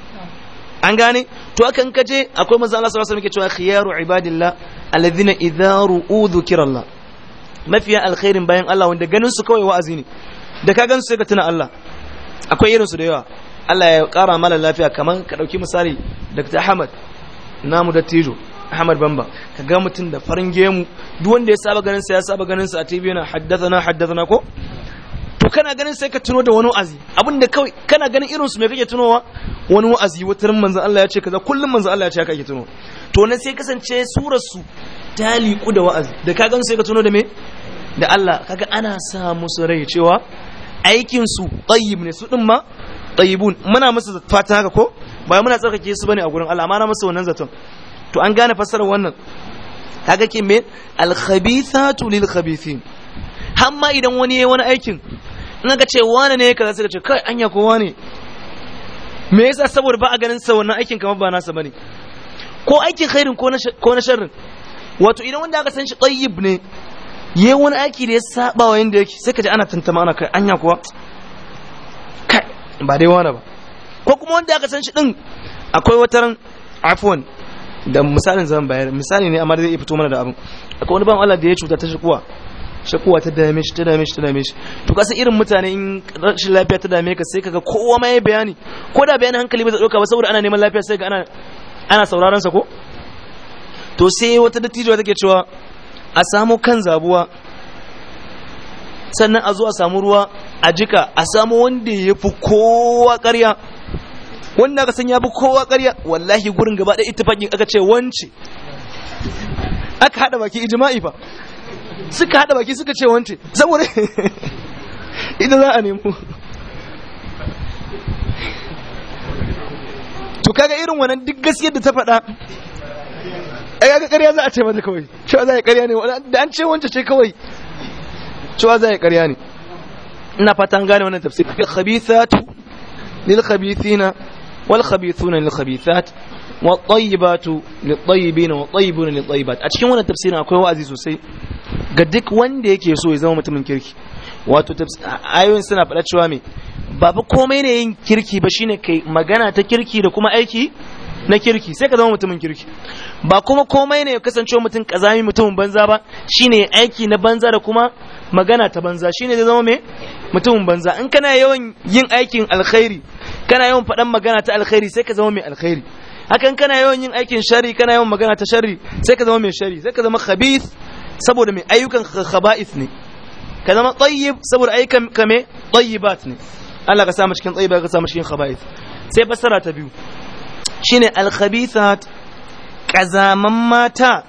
an gane to akan kaje akwai manzo Allah sallallahu alaihi wasallam yake cewa khiyaru ibadillah alladhina idza ru'u dhikrallah mafiya alkhairin bayan Allah wanda ganin su kawai wa'azi ne da ka gan su sai ka tuna Allah akwai irin su da yawa Allah ya kara mala lafiya kamar ka dauki misali Dr. Ahmad namu da Tijo Ahmad Bamba ka ga mutun da farin gemu duk wanda ya saba ganin sa ya saba ganin sa a TV yana haddathana haddathana ko kana ganin sai ka tuno da wani wa'azi abinda kawai kana ganin irin su me kake tunowa wani wa'azi wata manzon Allah ya ce kaza kullum manzon Allah ya ce ka kake tuno to ne sai kasance surar su ta liku da wa'azi da ka gan sai ka tuno da me da Allah kaga ana sa musu rai cewa aikin su tayyib ne su din ma tayyibun muna musu fata haka ko ba muna tsarkake su bane a gurin Allah amma na musu wannan zaton to an gane fassarar wannan kaga ke me al khabithatu lil khabithin Hamma idan wani yayi wani aikin in ka ce wane ne ka zai ce kai anya ko wane me yasa saboda ba a ganin sa wannan aikin kamar ba nasa bane ko aikin khairin ko na sharrin wato idan wanda aka san shi tayyib ne yayi wani aiki da ya saba wa yanda yake sai ka ji ana tantama ana kai anya kuwa kai ba dai wane ba ko kuma wanda aka san shi din akwai ran afwan da misalin zan bayar misali ne amma zai fito mana da abin akwai wani ban Allah da ya cuta ta shi kuwa shakuwa ta dame shi ta dame shi ta dame shi to kasa irin mutane in rashin lafiya ta dame ka sai kaga kowa ma bayani ko da bayanin hankali ba zai dauka ba saboda ana neman lafiya sai ga ana ana sauraron sa ko to sai wata dattijuwa take cewa a samu kan zabuwa sannan a zo a samu ruwa a jika a samu wanda ya fi kowa ƙarya wanda aka san ya fi kowa ƙarya wallahi gurin gaba ɗaya fakin aka ce wance aka hada baki ijma'i fa suka haɗa baki suka ce wanti saboda (laughs) ita za a nemo to kaga irin wannan duk gaskiyar da ta faɗa ai kaga ƙarya za a ce mata kawai cewa za a yi ƙarya ne da an ce wance ce kawai cewa za a yi ƙarya ne ina fatan gane wannan tafsir khabithat lil khabithina wal khabithuna lil khabithat wa tayyibatu lit tayyibina wa tayyibuna lit tayyibat a cikin wannan tafsirin akwai wa'azi sosai ga duk wanda yake so ya zama mutumin kirki wato ayoyin suna faɗa cewa me babu komai ne yin kirki ba shine kai magana ta kirki da kuma aiki na kirki sai ka zama mutumin kirki ba kuma komai ne ya kasance mutum kazami mutumin banza ba shine aiki na banza da kuma magana ta banza shine zai zama me mutumin banza in kana yawan yin aikin alkhairi kana yawan faɗan magana ta alkhairi sai ka zama mai alkhairi hakan kana yawan yin aikin shari kana yawan magana ta shari sai ka zama mai shari sai ka zama khabith سبور من أيوكا خبائثني كذا ما طيب أي كم كم طيباتني ألا غسامش كين طيبة غسامش كين خبائث سيب سرا تبيو شين الخبيثات كذا مماتا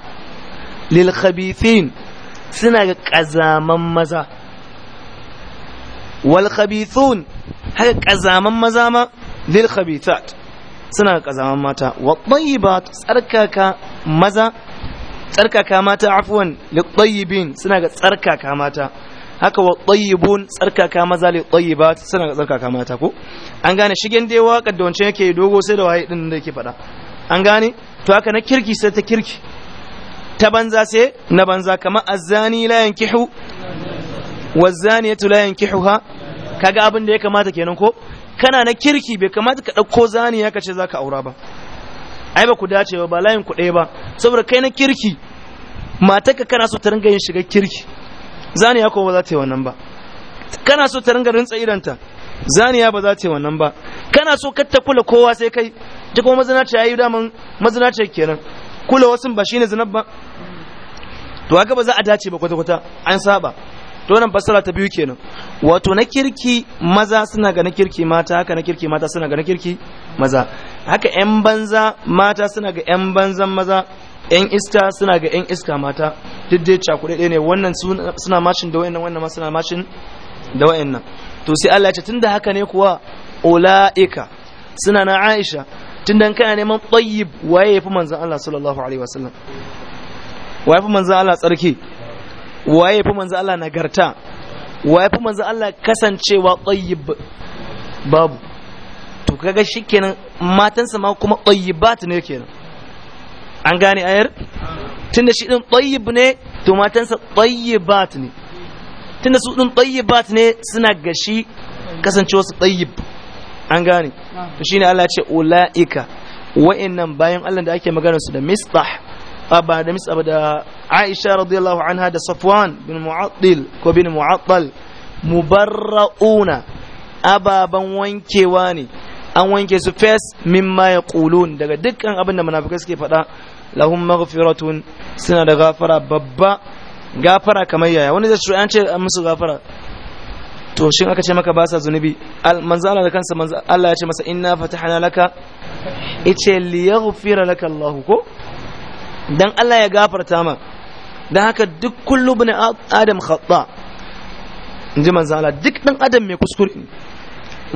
للخبيثين سنا كذا مزا والخبيثون هل كذا ممزا ما للخبيثات سنا كذا مماتا والطيبات سركاكا مزا tsarkaka mata afwan litayyibin suna ga tsarkaka mata haka wa tayyibun tsarkaka maza litayyibat suna ga tsarkaka mata ko an gane shigen da yawa kadda wancan yake dogo sai da waye din da yake faɗa an gane to haka na kirki sai ta kirki ta banza sai na banza kama azani la yankihu zaniyatu la yankihuha kaga abin da ya kamata kenan ko kana na kirki bai kamata ka ɗauko zaniya ka ce zaka aura ba ai ba ku dace ba layin ku ɗaya ba saboda kai na kirki mata ka kana so ta ringa yin shiga kirki zaniya ko ba za ta yi wannan ba kana so ta ringa rintsa idanta zaniya ba za ta yi wannan ba kana so ka ta kula kowa sai kai ta kuma mazinaci ya yi daman mazinaci kenan kula wasu ba shine zinab ba to haka ba za a dace ba kwata-kwata an saba to nan fassara ta biyu kenan wato na kirki maza suna ga na kirki mata haka na kirki mata suna ga na kirki maza haka 'yan banza mata suna ga 'yan banzan maza 'yan iska suna ga 'yan iska mata duk dai cakuɗe ɗaya ne wannan suna mashin da wayannan wannan ma suna mashin da wayannan to sai Allah ya ce tunda haka ne kuwa ula'ika suna na Aisha tunda kana neman tayyib waye yafi manzon Allah sallallahu alaihi wasallam waye yafi manzon Allah tsarki waye yafi manzon Allah nagarta waye yafi manzon Allah kasancewa tayyib babu kaga shikenan matansa ma kuma tayyibat ne kenan an gane ayar tunda shi din tayyib ne to matansa tayyibat ne tunda su din tayyibat ne suna gashi kasancewa su tayyib an gane to shine Allah ya ce ulaika wa'annan bayan Allah da ake magana su da mistah ba da mistah da Aisha radiyallahu anha da Safwan bin Mu'attil ko bin Mu'attal mubarra'una ababan wankewa ne an wanke su fes ma ya kulun daga dukkan abin da munafikai suke faɗa lahum maghfiratun suna da gafara babba gafara kamar yaya wani zai ce an ce musu gafara to shin aka ce maka ba sa zunubi manzo Allah da kansa manzo Allah ya ce masa inna fatahna laka ice liyaghfira laka Allah ko dan Allah ya gafarta ma dan haka duk kullu bin adam khata inji manzo Allah duk dan adam mai kuskure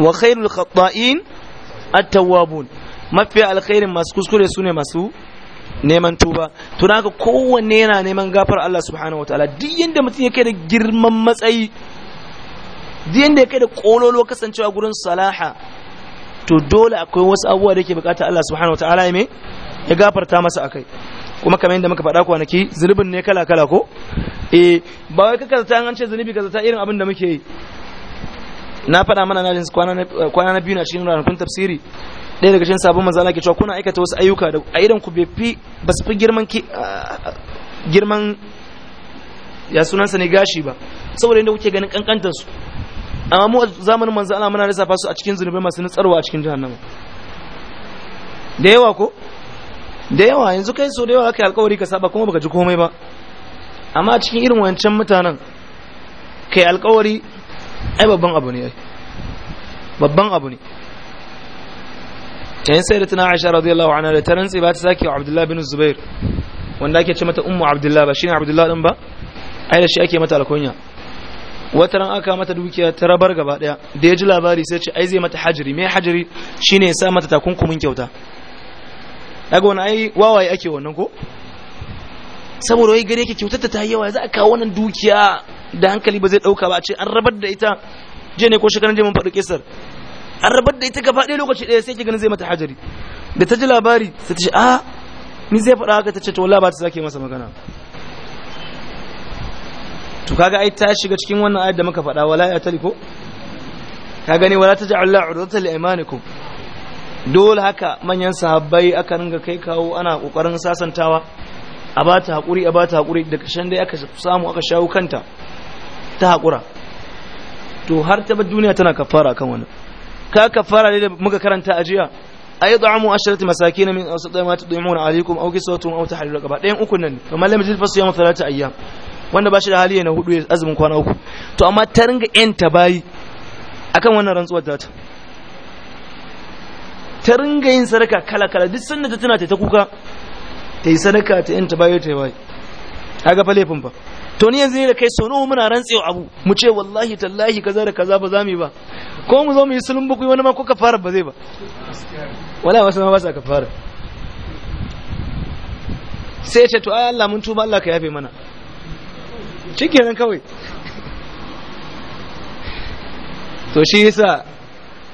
wa khairul khata'in at-tawwabun mafi alkhairin masu kuskure sune masu neman tuba to haka kowanne yana neman gafar Allah subhanahu wataala duk yanda mutum yake da girman matsayi duk yanda yake da kololo kasancewa gurin salaha to dole akwai wasu abubuwa da yake bukata Allah subhanahu wataala ya me ya gafarta masa akai kuma kamar yadda muka faɗa kwanaki zunubin ne kala kala ko eh ba wai ka kaza an ce zunubi kaza ta irin abin da muke yi na faɗa mana na jinsu eh, kwana na biyu na cikin ranakun tafsiri ɗaya daga cikin sabon manzala ke cewa kuna aikata wasu ayyuka da a idan ku bai fi ba su fi girman ah, girman ya sunansa ne gashi ba saboda inda kuke ganin kankantar su amma mu zamanin manzo Allah muna lissafa su a cikin zunubai masu nutsarwa a cikin jahannama da yawa ko da yawa yanzu kai so da yawa kai alkawari ka saba kuma baka ji komai ba amma a cikin irin wancan mutanen kai alkawari ai babban abu ne babban abu ne tayin sai da tana aisha radiyallahu anha da ta ba ta sake abdullahi bin zubair wanda ake ce mata ummu abdullahi ba shine abdullahi din ba ai da shi ake mata alkunya wata ran aka mata dukiya ta rabar gaba daya da ya ji labari sai ce ai zai mata hajiri me hajiri shine ya sa mata takunkumin kyauta daga wani ai wawaye ake wannan ko saboda wai gare ki kyautar ta yi yawa za a kawo wannan dukiya da hankali ba zai ɗauka ba a ce an rabar da ita je ne ko shekaran je mun faɗi kesar an rabar da ita gaba ɗaya lokaci ɗaya sai ki ganin zai mata hajari da ta ji labari ta ce a ni zai faɗa haka ta ce to wallahi ba ta sake masa magana to kaga ai ta shiga cikin wannan ayat da muka faɗa wala ya tali ko ka gani wala ja'alla la li imanikum dole haka manyan sahabbai aka ringa kai kawo ana kokarin sasantawa a ba ta hakuri a ba ta hakuri da kashin dai aka samu aka shawo kanta ta haƙura to har ta bar duniya tana kafara kan wani ka kafara ne da muka karanta a jiya a yi da'amu a shirati masaki na min wasu ɗaya mata ɗaya alaikum auki sautun au ta halilu gaba ɗayan uku nan to lamin jirfa fasu yamma talata ayyam wanda ba shi da hali na hudu ya azumin kwana uku to amma ta ringa yan ta bayi akan wannan rantsuwar data ta ta ringa yin sadaka kala kala duk sanda ta tana ta ta kuka ta yi sadaka ta yan ta bayi ta yi bayi aga fa laifin fa to ni yanzu ne da kai sau nawa muna rantsewa abu mu ce wallahi tallahi kaza da kaza ba za mu yi ba ko mu zo mu yi sulun bakwai wani ma ko kafara ba zai ba wala wasu ma ba sa kafara sai ce to ai Allah mun tuba Allah ka yafe mana shikenan kawai to shi yasa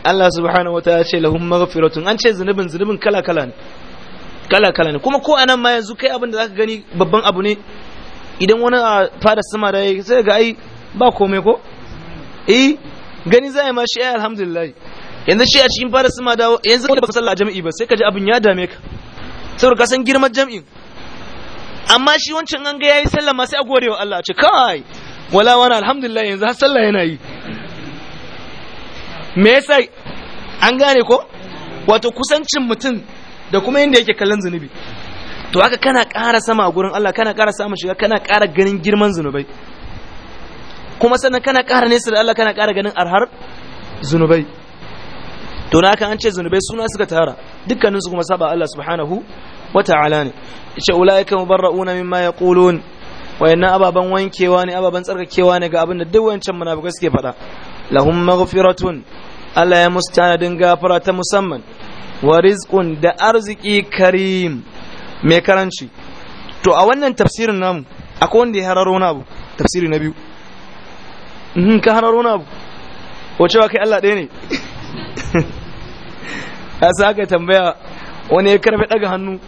Allah subhanahu wataala ce lahum maghfiratun an ce zunubin zunubin kala kala ne kala kala ne kuma ko anan ma yanzu kai abin da zaka gani babban abu ne idan wani a fada sama da ya sai ga ai ba komai ko eh gani za ma shi ai alhamdulillah yanzu shi a cikin fada sama da yanzu wanda baka sallah jami'i ba sai ka ji abin ya dame ka saboda ka san girman jami'in amma shi wancan an ga yayi sallah ma sai a gode wa Allah a ce kai wala wani alhamdulillah yanzu har sallah yana yi me yasa an gane ko wato kusancin mutum da kuma yadda yake kallon zunubi to haka kana ƙara sama a gurin Allah kana ƙara samun shiga kana ƙara ganin girman zunubai kuma sannan kana ƙara nesa da Allah kana ƙara ganin arhar zunubai to na haka an ce zunubai suna suka tara dukkaninsu kuma saba Allah subhanahu wa ta'ala ne ce ulaika mubarra'una mimma yaqulun wayanna ababan wankewa ne ababan tsarkakewa ne ga abin da duk wancan munafikai suke faɗa lahum maghfiratun Allah ya mustanadin gafara ta musamman wa rizqun da arziki karim mai karanci to a wannan tafsirin namu akwai wanda ya hararo na abu tafsiri na biyu in mhm, ka hararo na abu wacewa kai Allah ɗaya ne a (laughs) sa aka tambaya wani ya karfe daga hannu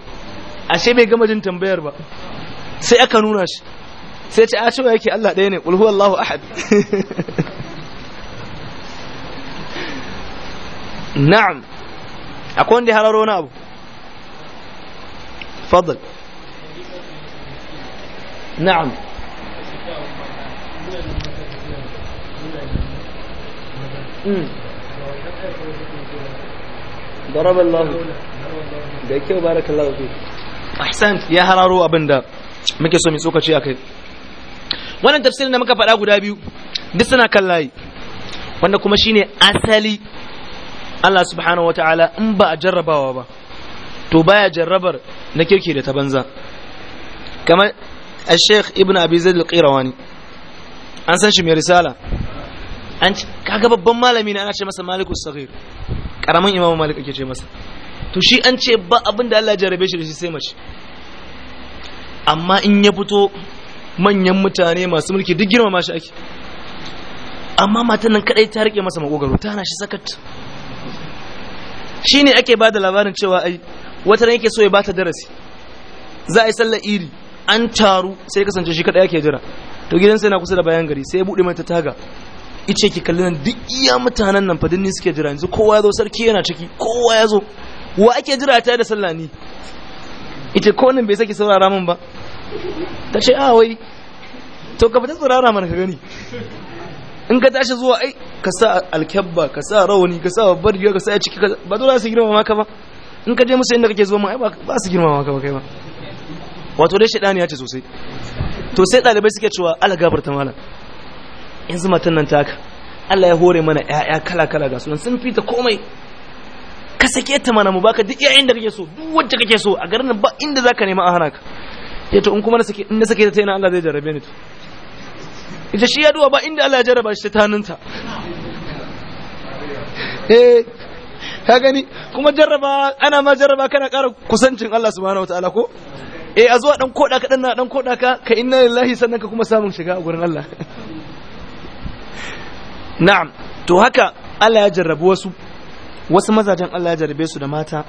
ashe bai gama jin tambayar ba sai aka nuna shi sai ce a cewa yake Allah ɗaya ne ulhu Allahu ahad (laughs) na'am akwai wanda ya hararo na abu تفضل نعم ضرب الله da kyau barakallahu fi ahsan ya hararo abinda muke so mu tsokaci akai wannan tafsirin da muka faɗa guda biyu duk suna kan layi wanda kuma shine asali Allah subhanahu wataala in ba a jarrabawa ba to baya jarrabar na kirki da ta banza kamar al-sheikh ibn abi zaid al-qirawani an san shi mai risala an kaga babban malami ne ana ce masa malikus saghir karamin imamu malik ake ce masa to shi an ce ba abin da Allah ya shi da shi sai mace amma in ya fito manyan mutane masu mulki duk girma shi ake amma matan nan kadai ta rike masa makogaro ta shi sakat shine ake bada labarin cewa ai wata ran yake so ya bata darasi za a yi sallar iri an taru sai kasance shi kaɗa yake jira to gidansa yana kusa da bayan gari sai ya buɗe mata taga ice ki kalli nan duk iya mutanen nan fadin suke jira yanzu kowa ya zo sarki yana ciki kowa ya zo wa ake jira ta da sallah ni ita ko nan bai saki saurara min ba ta ce a ah, wai to ka fita saurara mana ka gani in ka tashi zuwa ai ka sa alkyabba ka sa rawani ka sa babbar riga ka sa ciki ba dole sai girma maka ba in ka je musu inda kake zuwa mun ai ba su girma maka ba kai ba wato dai shedani ya ce sosai to sai dalibai suke cewa Allah gafarta malam yanzu matan nan taka Allah ya hore mana ƴaƴa kala kala ga sunan sun fita komai ka sake ta mana mu baka duk ƴaƴan da kake so duk wacce kake so a garin ba inda zaka nema a hana ka ya to in kuma na sake in na sake ta ina Allah zai jarrabe ni to ita shi ya duwa ba inda Allah ya jarraba shi ta hannunta eh ka gani kuma jarraba ana ma jarraba kana ƙara kusancin Allah subhanahu wataala ko eh a zuwa dan koda ka dan dan koda ka ka inna lillahi sannan ka kuma samun shiga a gurin Allah (laughs) na'am to haka Allah ya jarrabu wasu wasu mazajen Allah ya jarrabe su da mata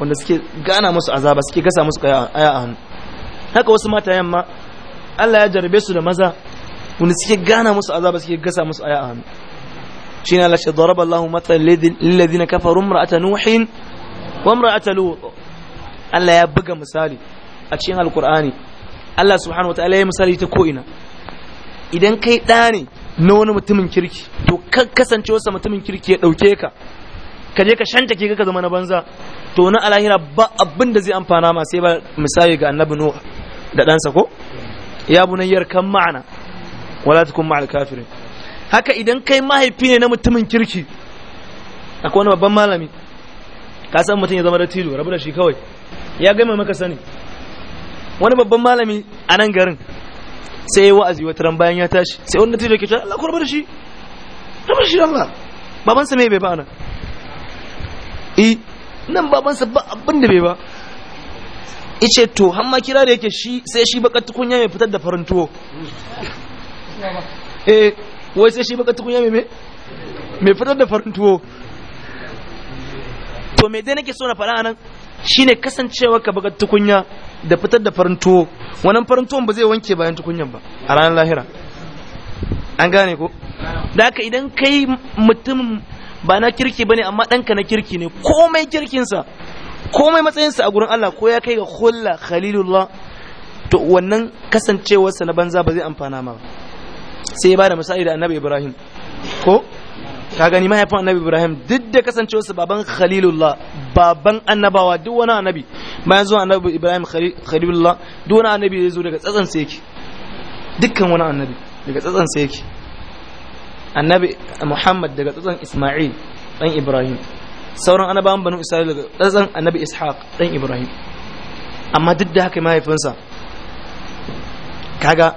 wanda suke gana musu azaba suke gasa musu kaya a hannu haka wasu mata yamma Allah ya jarrabe su da maza wanda suke gana musu azaba suke gasa musu aya a hannu shine Allah ce daraba Allahu matalan lil ladina kafaru imra'ata nuhin wa Allah ya buga misali a cikin alkur'ani Allah subhanahu wataala ya misali ta ko'ina idan kai ɗa na wani mutumin kirki to kasance wasa mutumin kirki ya ɗauke ka ka je ka shanta ke ka zama na banza to na alahira ba abin da zai amfana ma sai ba misali ga annabi nuh da ɗansa ko ya bunayyar kan ma'ana wala tukun ma'al kafirin haka idan kai mahaifi ne na mutumin kirki akwai wani babban malami ka san mutum ya zama da tilo rabu da shi kawai ya gama maka sani wani babban malami a nan garin sai ya wa'azi wata ran bayan ya tashi sai wani tilo ke cewa Allah ku rabu da shi rabu da shi Allah babansa mai bai ba nan eh nan babansa ba abin da bai ba ice to har ma kira da yake shi sai shi baka tukunya mai fitar da farin tuwo eh wai sai shi baka tukunya mai mai fitar da farin tuwo to me dai nake so na fara anan shine kasancewa ka baka tukunya da fitar da farin tuwo wannan farin tuwon ba zai wanke bayan tukunyan ba a ranar lahira an gane ko da haka idan kai mutum ba na kirki bane amma ɗanka na kirki ne komai kirkinsa komai matsayinsa a gurin Allah ko ya kai ga khulla khalilullah to wannan kasancewarsa na banza ba zai amfana ma ba sai ya bada misali da annabi ibrahim ko ka gani mahaifin annabi ibrahim duk da kasancewa su baban khalilullah baban annabawa duk wani annabi bayan zuwa annabi ibrahim khalilullah duk wani annabi ya zo daga tsatsan sa yake dukkan wani annabi daga tsatsan sa yake annabi muhammad daga tsatsan isma'il dan ibrahim sauran annabawan banu isra'il daga tsatsan annabi ishaq dan ibrahim amma duk da haka mahaifinsa kaga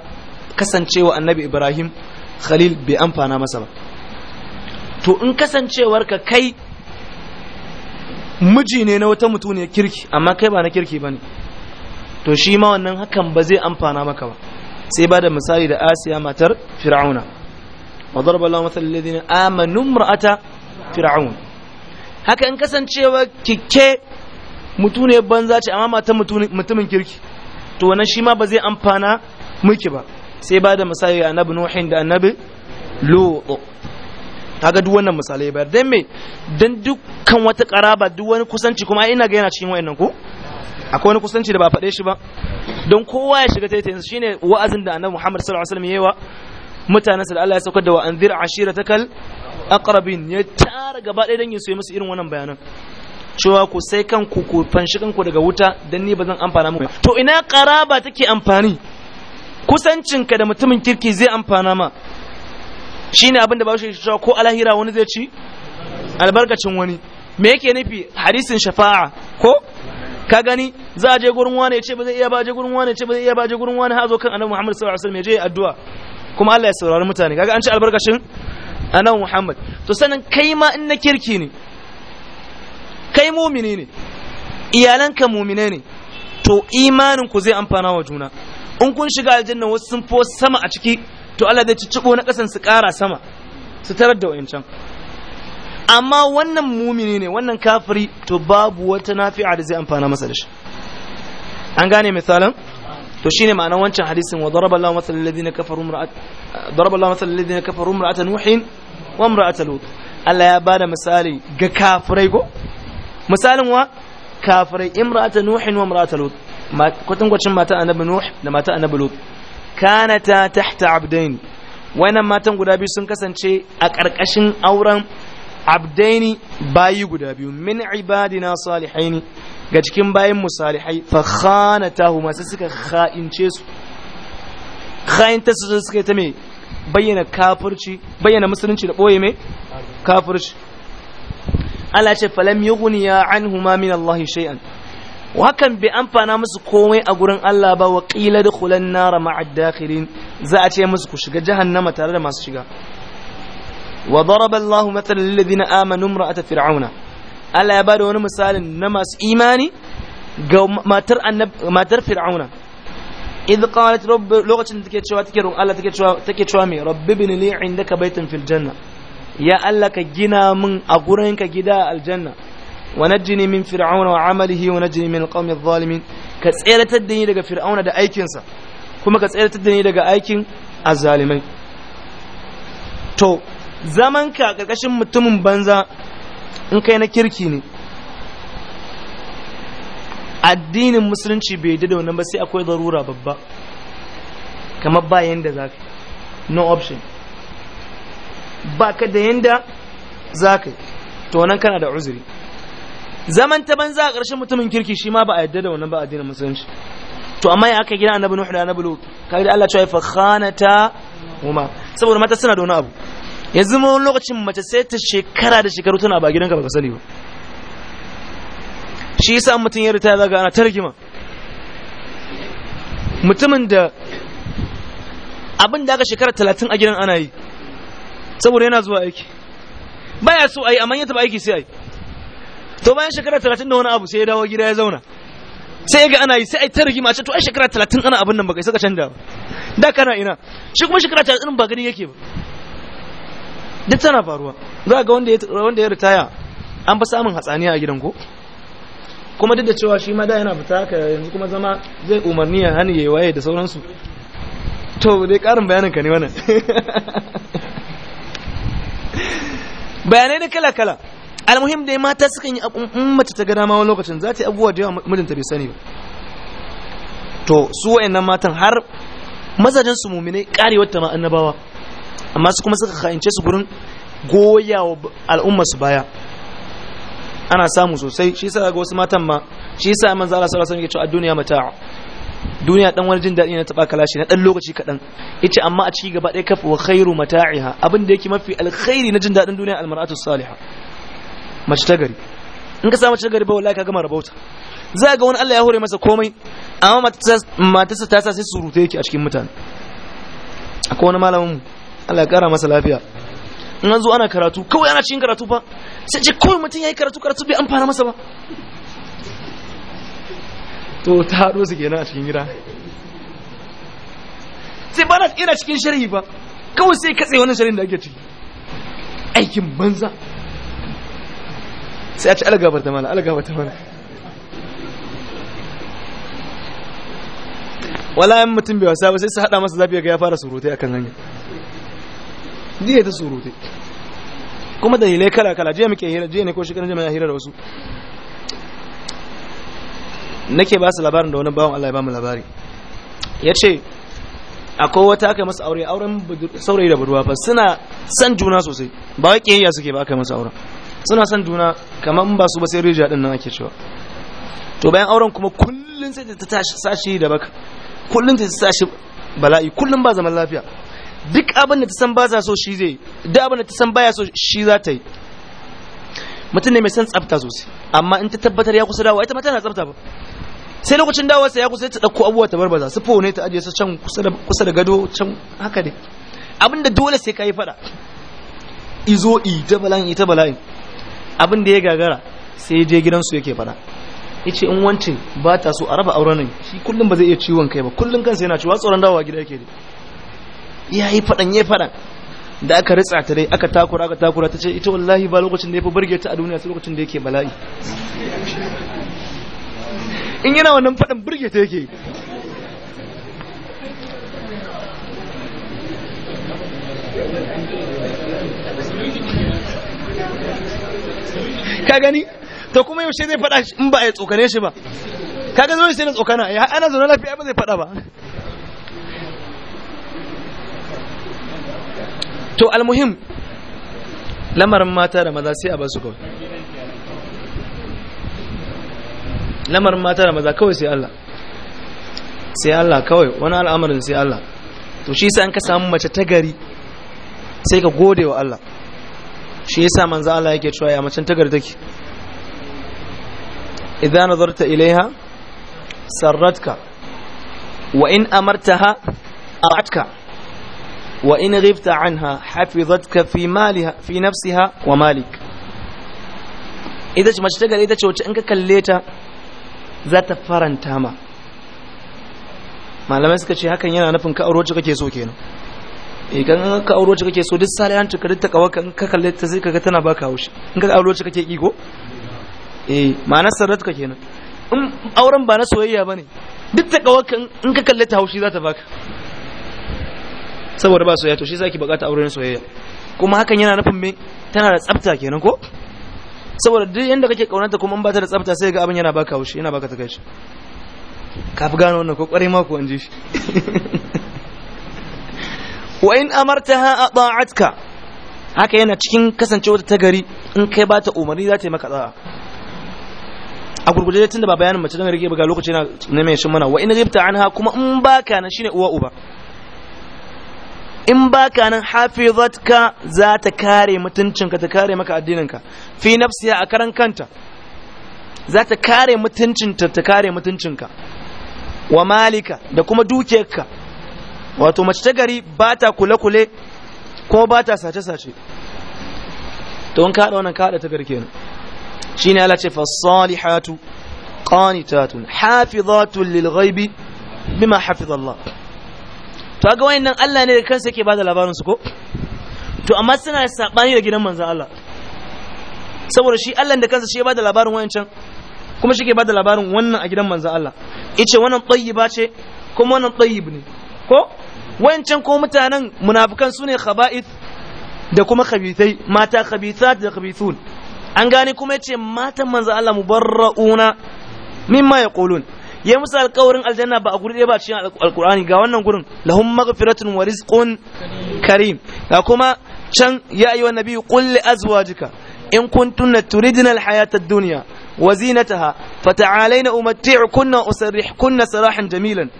kasancewa annabi ibrahim khalil bai amfana masa ba to in kasancewarka kai miji ne na wata mutune kirki amma kai ba na kirki ba ne to shi ma wannan hakan ba zai amfana maka ba sai ba da misali da asiya matar fir'auna wa darba Allah mathal alladhina amanu mar'ata fir'aun haka in kasancewa kike mutune banza ce amma mata mutumin kirki to wannan shi ma ba zai amfana miki ba sai ba da misali annabi nuhin da annabi lutu kaga duk wannan misalai bayar dan me dan dukkan wata karaba duk wani kusanci kuma ina ga yana cikin wayannan ko akwai wani kusanci da ba faɗe shi ba don kowa ya shiga Shi shine wa'azin da annabi Muhammad sallallahu alaihi wasallam yayi wa sa da Allah ya saukar da wa anzir ashiratakal aqrabin ya tara gaba ɗaya dan yin su musu irin wannan bayanan cewa ku sai kanku ku fanshi kanku daga wuta dan ni bazan amfana muku to ina karaba take amfani kusancinka da mutumin kirki zai amfana ma Shi ne abinda ba shi cewa ko alahira wani zai ci albarkacin wani me yake nufi hadisin shafa'a ko ka gani za a je gurin wani ya ce ba zai iya ba je gurin wani ya ce ba zai iya ba je gurin wani ha zo kan annabi Muhammad sallallahu alaihi wasallam ya je addu'a kuma Allah ya saurari mutane kaga an ci albarkacin annabi Muhammad to sanin kai ma in na kirki ne kai mumini ne iyalanka mumine ne to imanin ku zai amfana wa juna in kun shiga aljanna wasu sun fo sama a ciki to Allah zai cicciɓo na ƙasan su ƙara sama su tarar da wayancan amma wannan mumini ne wannan kafiri to babu wata nafi'a da zai amfana masa da shi an gane misalan to shine ma'anar wancan hadisin wa daraba Allah masalan ladina kafaru mar'at daraba Allah masalan ladina kafaru mar'atan nuhin wa mar'atan lut Allah ya bada misali ga kafirai go misalin wa kafirai imra'atan nuhin wa mar'atan lut kwatankwacin mata annabi nuh da mata annabi lut kanata tahta abdain wannan matan guda biyu sun kasance a ƙarƙashin auren abdaini bayi guda biyu min ibadina salihaini ga cikin bayin mu salihai fa khanatahu ma sai suka kha'ince su kha'inta su suka ta me bayyana kafirci bayyana musulunci da boye me kafirci Allah ce falam yughniya anhuma min Allah shay'an hakan bai amfana musu komai a gurin Allah ba wa qila dukhulan nar ma'ad dakhirin za a ce musu ku shiga jahannama tare da masu shiga wa daraba Allah mathalan lil ladina amanu imra'at fir'auna Allah ya bada wani misalin na masu imani ga matar idan lokacin matar fir'auna إذ قالت رب لغة تكيتشوا تكيرون الله تكيتشوا تكيتشوا مي رب ابن لي عندك بيت في الجنة gina الله a من أقرنك جدا aljanna. ونجني من فرعون وعمله ونجني من القوم الظالمين كتسيرت الدنيا daga fir'auna da aikinsa kuma ka tsayar da ni daga aikin azalimai to zaman ka karkashin mutumin banza in kai na kirki ne addinin musulunci bai da wannan ba sai akwai zarura babba kamar ba yanda za no option ba ka da yanda za ka to nan kana da uzuri zaman ta banza a ƙarshen mutumin kirki shi ma ba a yadda da wannan ba addinin musulunci to amma ya aka gina annabi nuhu da annabi lut kaga da Allah cewa fa khanata huma saboda mata suna da wani abu yanzu mu lokacin mace sai ta shekara da shekaru tana ba gidanka ka sani ba shi yasa mutum ya ritaya zaga ana targima mutumin da abin da aka shekara talatin a gidan ana yi saboda yana zuwa aiki baya so a amma ya taɓa aiki sai a to bayan shekara talatin da wani abu sai ya dawo gida ya zauna sai ga ana yi sai ai ta rigima ce to ai shekara talatin ana abin nan ba kai saka canja ba da kana ina shi kuma shekara talatin ba gani yake ba duk tana faruwa za ga wanda ya wanda ya ritaya an fa samun hatsaniya a gidan ko kuma duk da cewa shi ma da yana fita haka yanzu kuma zama zai umarni ya hani ya waye da sauransu to dai karin bayanin ka ne wannan (laughs) bayanai da kala kala almuhim dai mata sukan yi in mace ta gada ma wani lokacin za ta yi abubuwa da yawa mijinta bai sani ba to su wa'annan matan har mazajen su mumine kare wata ma annabawa amma su kuma suka kha'ince su gurin goya wa al'umma su baya ana samu sosai shi yasa ga wasu matan ma shi yasa manzo Allah sallallahu alaihi wasallam ce a duniya mata'a duniya dan wani jin ne ta taɓa lashi na ɗan lokaci kaɗan yace amma a ciki gaba ɗaya kafu wa khairu mata'iha abin da yake mafi alkhairi na jin daɗin duniya almar'atu salihah mace ta gari in ka samu mace ta gari ba wallahi ka gama rabauta za ga wani Allah ya hore masa komai amma matarsa ta sa sai surute yake a cikin mutane akwai wani malamin Allah ya kara masa lafiya in an zo ana karatu kawai ana cikin karatu fa sai ce kawai mutum ya yi karatu karatu bai amfana masa ba to ta haɗo su kenan a cikin gida sai ba na ina cikin sharhi ba kawai sai katse wannan sharhin da ake ciki aikin banza sai a ci algabar ta mana algabar ta mana wala yin mutum bai wasa ba sai su hada masa zafi ga ya fara surutai akan hanyar jiya ta surutai kuma dalilai kala kala jiya muke hira jiya ne ko shekarun jama'a hira da wasu nake ba su labarin da wani bawon Allah ya ba mu labari ya ce akwai wata aka masa aure auren saurayi da budurwa ba suna san juna sosai ba wai kiyayya suke ba aka masa auren suna son juna kamar in ba su ba sai rijiya din nan ake cewa to bayan auren kuma kullun sai ta tashi sashi da baka kullun ta tashi bala'i kullun ba zaman lafiya duk abin da ta san ba za so shi zai duk abin da ta san baya so shi za ta yi mutum ne mai san tsafta sosai amma in ta tabbatar ya kusa dawowa ita ma tana tsafta ba sai lokacin dawowarsa ya kusa ta ɗauko abubuwa ta barbaza su ne ta ajiye su can kusa da gado can haka ne abinda dole sai ka yi faɗa izo i ta bala'in ita ta bala'in abin da ya gagara sai ya je gidansu yake fada ya ce in wancin ba ta so a raba auren nan shi kullum ba zai iya ciwon kai ba kullum kansa yana ciwa tsoron dawowa gida yake ya yi fadan ya fadan da aka ritsa ta dai aka takura aka takura ta ce ita wallahi ba lokacin da ya fi burge ta a duniya sai lokacin da yake bala'i in yana wannan fadan burge ta yake ka gani to kuma yaushe zai faɗa in ba ya tsokane shi ba kaga zai sai na tsokana ya ana zaune lafiya ba zai faɗa ba to almuhim lamarin mata da maza sai a basu kawai lamarin mata da maza kawai sai Allah sai Allah kawai wani al'amarin sai Allah to shi sai an ka samu mace ta gari sai ka gode wa Allah shi yasa manzo Allah yake cewa ya macen tagar take idan nazarta ilaiha sarratka wa in amartaha a'atka wa in ghibta anha hafizatka fi maliha fi nafsiha wa malik idan mace tagar ita ce wacce in ka kalle ta za ta faranta ma malamai suka ce hakan yana nufin ka aure wacce kake so kenan idan ka auro ci kake so duk sale an tuka duk kawo kan ka kalle ta sai kaga tana baka haushi in ka auro ci kake kiko eh ma'anar sarrat ka kenan in auren ba na soyayya bane duk ta kawo kan in ka kalle ta haushi za ta baka saboda ba soyayya to shi zaki bukata auren soyayya kuma hakan yana nufin me tana da tsafta kenan ko saboda duk yanda kake kaunanta kuma in ba ta da tsafta sai ga abin yana baka haushi yana baka takaici ka fi gano wannan ko kwarai mako an ji shi (laughs) wa in amartaha ata'atka haka yana cikin kasancewa ta gari in kai ba ta umarni za ta yi maka da'a a tun tunda ba bayanin mace don rage ba ga lokaci na mai shin mana wa in ribta anha kuma in baka nan shine uwa uba in baka nan hafizatka za ta kare mutuncinka ta kare maka addininka fi nafsiya a karan kanta za ta kare mutuncinta ta kare mutuncinka wa malika da kuma dukiyarka wato mace ta gari ba ta kule-kule ko ba ta sace-sace to in kaɗa wannan kaɗa ta gari kenan shi ne ala ce fasalihatu qanitatun hafizatun lil ghaibi bima hafiz Allah to ga nan Allah ne da kansa yake bada labarin su ko to amma suna sabani da gidan manzon Allah saboda shi Allah da kansa shi ya bada labarin wayancan kuma shi ke bada labarin wannan a gidan manzon Allah yace wannan tayyiba ce kuma wannan tayyib ne ko wancan ko mutanen munafikan sune khaba'ith da kuma khabithai mata khabithat da khabithun an gane kuma yace matan manzo Allah mubarrauna mimma yaqulun ya musu alƙawarin aljanna ba a guri ba cikin alƙur'ani ga wannan gurin lahum maghfiratun wa rizqun karim ga kuma can ya ayyuhan nabi qul li azwajika in kuntunna turidna alhayata ad-dunya وزينتها فتعالين أمتعكن وأسرحكن سراحا جميلا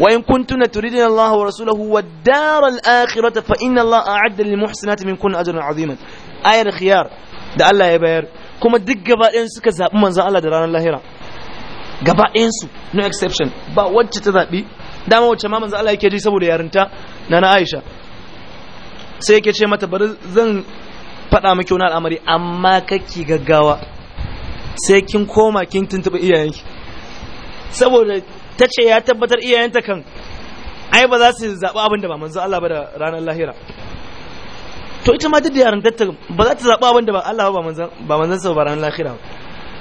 وإن كنتن تريدن الله ورسوله والدار الآخرة فإن الله أعد للمحسنات منكن أجرا عظيما آية الخيار da Allah ya bayar kuma duk gaba ɗayan suka zaɓi manzan Allah da ranar lahira gaba no exception ba wacce ta zaɓi dama wacce ma manzan Allah yake ji saboda yarinta na na Aisha sai yake ce mata bari zan faɗa miki wani al'amari amma kake gaggawa sai kin koma kin tuntuɓa iyayenki saboda ta ce ya tabbatar iyayenta kan ai ba za su zaɓi abin da ba manzo Allah ba da ranar lahira to ita ma duk yaran datta ba za ta zaɓi abin da ba Allah ba manzon ba manzo sa ba ranar lahira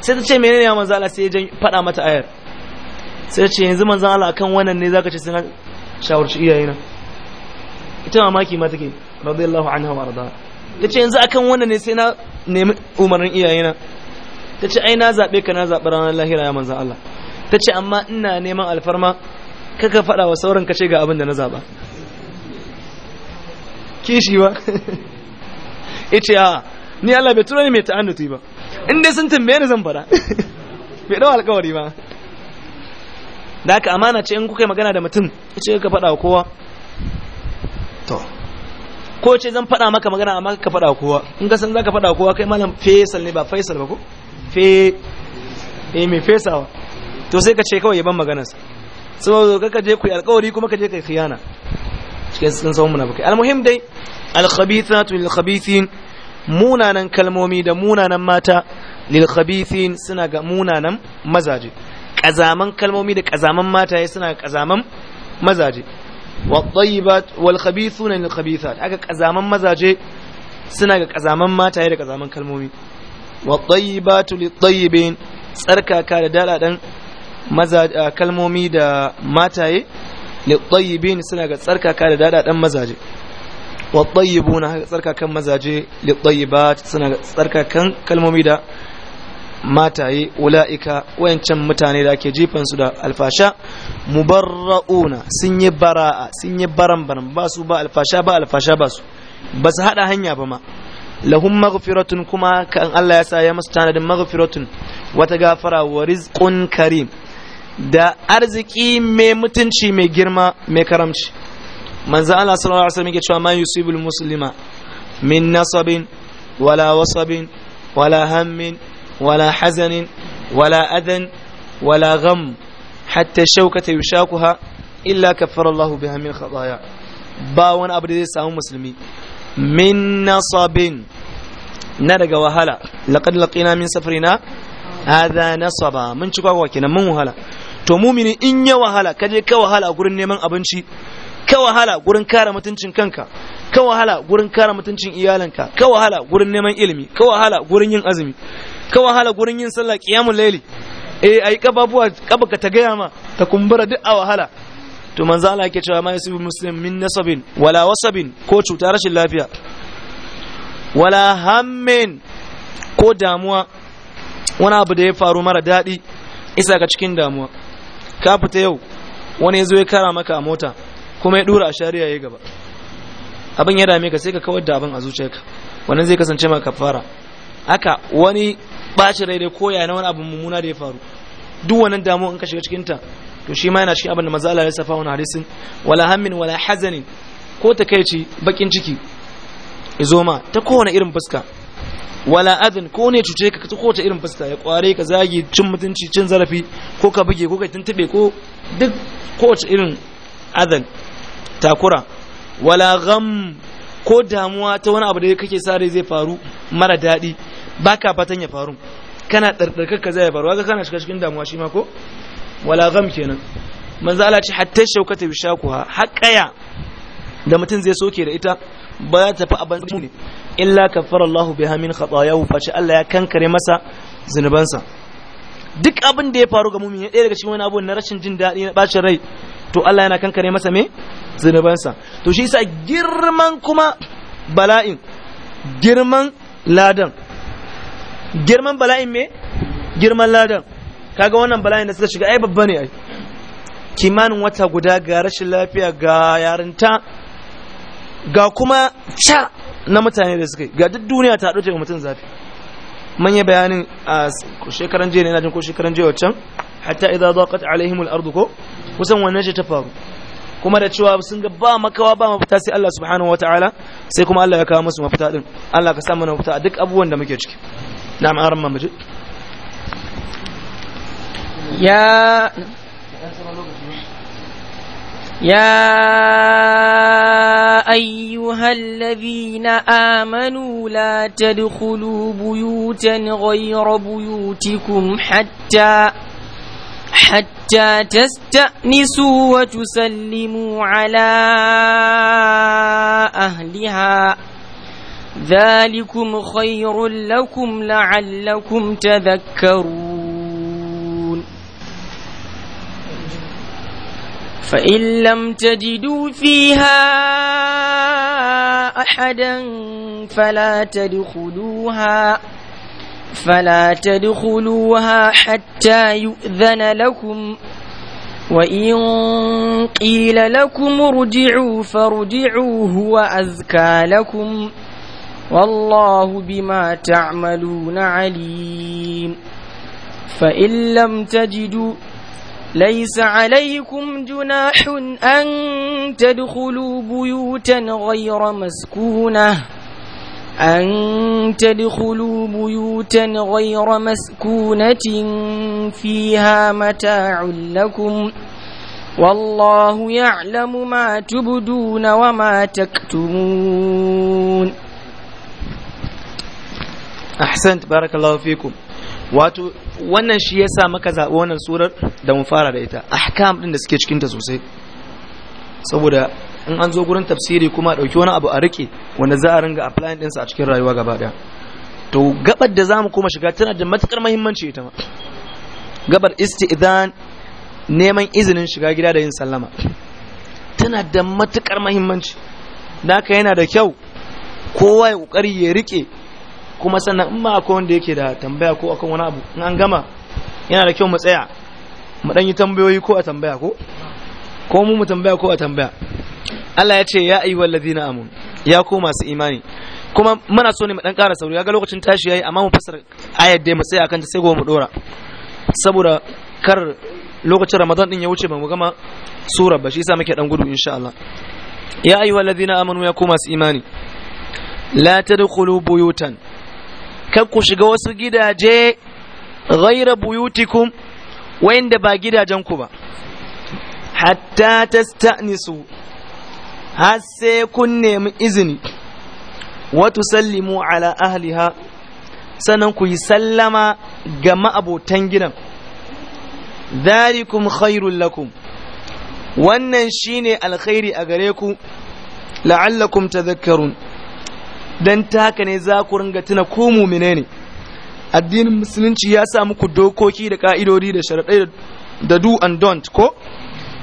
sai ta ce menene ya manzo Allah sai ya faɗa mata ayar sai ta ce yanzu manzo Allah akan wannan ne zaka ce sun shawarci iyayena ita mamaki ma take radiyallahu anha wa arda ta ce yanzu akan wannan ne sai na nemi umarnin iyayena ta ce ai na zaɓe ka na zaɓi ranar lahira ya manzan Allah ta ce amma ina neman alfarma kaka faɗa wa sauran ka ce ga abin da na zaɓa kishi ba ice (laughs) a ni Allah bai tura ni mai ta'annuti ba in dai sun tambaye ni zan faɗa (laughs) bai ɗau alƙawari ba da haka amana ce in kuka yi magana da mutum ce ka faɗa wa kowa to ko ce zan faɗa maka magana amma ka faɗa kowa in ka san za ka faɗa kowa kai malam faisal ne ba faisal ba ko fe eh mai fesawa to sai ka ce kawai yaban maganarsa saboda kaka je ku yi alkawari kuma ka je kai khiyana cikin sun muna munafikai almuhim dai alkhabithatu lilkhabithin munanan kalmomi da munanan mata lilkhabithin suna ga munanan mazaje kazaman kalmomi da kazaman mataye suna kazaman mazaje والطيبات والخبيثون للخبيثات aka kazaman mazaje suna ga kazaman mataye da kazaman kalmomi wa tayyibatu lit-tayyibin tsarkaka da daladan maza kalmomi da mataye lit-tayyibin suna ga tsarkaka da daladan mazaje wa tayyibuna tsarka tsarkakan mazaje lit-tayyibat suna ga tsarkakan kalmomi da mataye ula'ika wayancan mutane da ke jifan su da alfasha mubarra'una sun yi bara'a sun yi baran baran ba su ba alfasha ba alfasha ba su ba su hada hanya ba ma lahum maghfiratun kuma kan Allah ya sa ya masu tanadin maghfiratun wata gafara wa rizqun karim da arziki mai mutunci mai girma mai karamci manzo Allah sallallahu alaihi wasallam yake cewa man yusibul muslima min nasabin wala wasabin wala hammin wala hazanin wala adan wala gham hatta shaukata yushakuha illa kaffara Allah biha min ba wani abu da zai samu musulmi min nasabin na daga wahala laqad laqina min safrina hadha nasaba mun ci kwakwa kenan mun wahala to mumini in ya wahala ka je ka wahala gurin neman abinci ka wahala gurin kare mutuncin kanka ka wahala gurin kare mutuncin iyalanka ka wahala gurin neman ilimi ka wahala gurin yin azumi ka wahala gurin yin sallah qiyamul layli eh ai kababuwa kabaka ta gaya ma ta kumbura duk a wahala to manzo Allah yake cewa ma yasibu muslim min nasabin wala wasabin ko cuta rashin lafiya wala hammin ko damuwa wani abu da ya faru mara daɗi isa ka cikin damuwa ka fita yau wani ya zo ya kara maka a mota kuma ya dura a shari'a ya gaba abin ya dame ka sai ka kawar da abin a zuciyarka wannan zai kasance maka kafara haka wani ɓaci rai da koya na wani abu mummuna da ya faru duk wannan damuwa in ka shiga cikinta to shi ma yana cikin abin da maza Allah ya safa wani hadisin wala hammin wala hazanin ko ta ci bakin ciki izo ma ta kowane irin fuska wala adin ko ne cuce ka ta kowace irin fuska ya kware ka zagi cin mutunci cin zarafi ko ka buge ko ka tuntube ko duk kowace irin adan takura wala gham ko damuwa ta wani abu da kake sa rai zai faru mara daɗi baka fatan ya faru kana ɗarɗarkar ka zai faru kaga kana shiga cikin damuwa shi ma ko wala gham kenan manzo Allah ce hatta shaukata bi shakuha haqqaya da mutum zai soke da ita ba za ta fa aban ne illa kaffara Allah biha min khatayahu fa sha Allah ya kankare masa zinubansa duk abin da ya faru ga mumin ya, ɗaya daga cikin wani abu na rashin jin daɗi na bacin rai to Allah yana kankare masa me zinubansa to shi yasa girman kuma bala'in girman ladan girman bala'in me girman ladan kaga wannan bala'in da suka shiga ai babba ne ai kimanin wata guda ga rashin lafiya ga yarinta ga kuma ca na mutane da suka yi ga duk duniya ta ɗauke ga mutum zafi manya bayanin a shekaran jiya ne na jin ko shekaran jiya waccan hatta idan zaqat alaihim al-ardu ko kusan wannan shi ta faru kuma da cewa sun ga ba makawa ba mafita sai Allah subhanahu wataala sai kuma Allah ya kawo musu mafita din Allah ka samu mafita a duk abubuwan da muke ciki na'am aran mamaji. يا يا أيها الذين آمنوا لا تدخلوا بيوتا غير بيوتكم حتى حتى تستأنسوا وتسلموا على أهلها ذلكم خير لكم لعلكم تذكرون فإن لم تجدوا فيها أحدا فلا تدخلوها فلا تدخلوها حتى يؤذن لكم وإن قيل لكم ارجعوا فارجعوا هو أزكى لكم والله بما تعملون عليم فإن لم تجدوا ليس عليكم جناح أن تدخلوا بيوتا غير مسكونة أن تدخلوا بيوتا غير مسكونة فيها متاع لكم والله يعلم ما تبدون وما تكتمون أحسنت بارك الله فيكم wato wannan shi yasa maka zaɓi wannan surar da mun fara da ita ahkam din da suke cikin ta sosai saboda in an zo gurin tafsiri kuma dauki wani abu a rike wanda za a ringa applying ɗinsa a cikin rayuwa gaba daya to gabar da zamu kuma shiga tana da matukar muhimmanci ita ma gabar isti'dan neman izinin shiga gida da yin sallama tana da matukar muhimmanci da haka yana da kyau kowa ya kokari ya rike kuma sannan in ma akwai wanda yake da tambaya ko akan wani abu in an gama yana da kyau mu tsaya mu dan yi tambayoyi ko a tambaya ko ko mu mu tambaya ko a tambaya Allah ya ce ya ayi wallazina amun ya ko masu imani kuma muna so ne mu dan ƙara sauri ga lokacin tashi yayi amma mu fasar ayar da mu tsaya akan ta sai gobe mu dora saboda kar lokacin Ramadan din ya wuce ba mu gama surar ba shi yasa muke dan gudu insha Allah ya ayyuhallazina amanu ya ko masu imani la tadkhulu buyutan kar ku shiga wasu gidaje ghaira buyutikum wayanda ba gidajenku ba hatta tasta'nisu har sai kun nemi izini wa tusallimu ala ahliha sannan ku yi sallama ga ma'abotan gidan dhalikum khairul lakum wannan shine alkhairi a gare ku la'allakum tadhakkarun Dan ta haka ne za ku ringa tuna ko mumine ne addinin musulunci ya sa muku dokoki da ka'idodi da sharaɗai da do and don't ko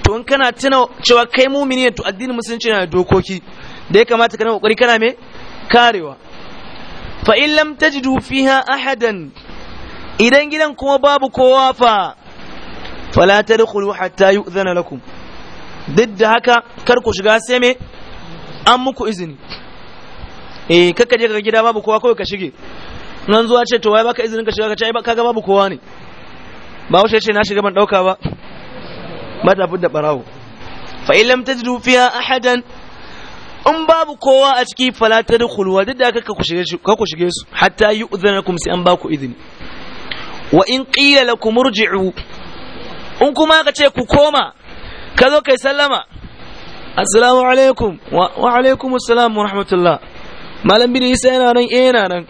to in kana tuna cewa kai mumini ne to addinin musulunci yana da dokoki da ya kamata kana kokari kana me karewa fa in lam tajidu fiha ahadan idan gidan kuma babu kowa fa fala tadkhulu hatta yu'zana lakum duk da haka kar ku shiga sai me an muku izini eh kakka je ka gida babu kowa kawai ka shige nan zuwa ce to wai baka izinin ka shiga ka ce ba kaga babu kowa ne ba wuce ce na shiga ban dauka ba Ba ta fudda barawo fa in lam tajidu fiha ahadan in babu kowa a ciki fala tadkhulu wa duk da kaka ku shige ka ku shige su hatta yu'dhanakum sai an ba ku izini wa in qila lakum irji'u in kuma ka ce ku koma ka zo kai sallama assalamu alaikum wa alaikumus salam wa rahmatullah malam bin isa yana nan eh yana nan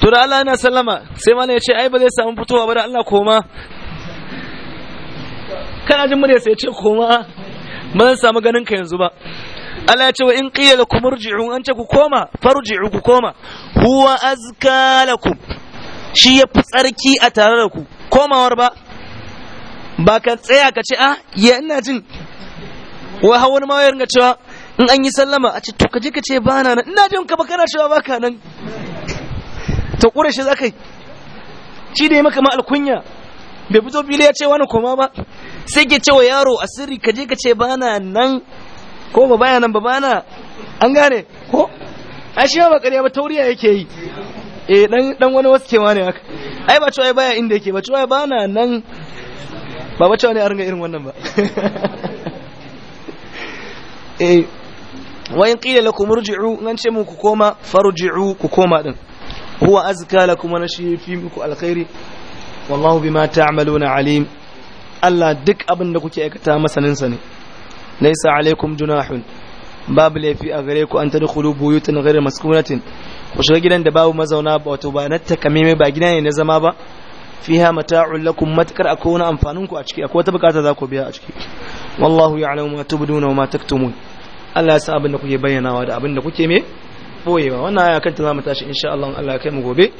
to da Allah yana sallama sai malam ya ce ai ba zai samu fitowa ba da Allah koma kana jin murya sai ya ce koma ba zan samu ganin ka yanzu ba Allah ya ce wa in qila lakum irji'u an ce ku koma farji'u ku koma huwa azka lakum shi ya fi tsarki a tare da ku komawar ba ba ka tsaya ka ce ah ya ina jin wa hawan ma ya ringa cewa in an yi sallama a ce to ka ka ce ba na nan ina jin ka ba kana cewa ba ka nan ta ƙure shi zaka shi da ya maka ma alkunya bai fito fili ya ce wani koma ba sai ke cewa yaro a sirri ka je ka ce ba na nan ko ba baya nan ba ba na an gane ko a shi ba ƙarya ba tauriya yake yi eh dan dan wani wasu kewa ne haka ai ba cewa baya inda yake ba cewa ba na nan ba ba cewa ne a ringa irin wannan ba (laughs) eh wa in qila lakum irji'u nan ce muku koma farji'u ku koma din huwa azka lakum wa nashi fi muku alkhairi wallahu bima ta'maluna alim Allah duk abin da kuke aikata masanin sa ne laysa alaikum junahun babu laifi a gare ku an tadkhulu buyutan ghayra maskunatin ku shiga gidan da babu mazauna ba wato ba na takamime ba gida ne na zama ba fiha mata'un lakum matakar akwai wani amfanin a ciki akwai wata bukata za ku biya a ciki wallahu ya'lamu ma tubduna wa ma taktumun Allah ya san abin da kuke bayyanawa da abin da kuke me boyewa wannan aya kanta zamu tashi insha Allah Allah ya kai mu gobe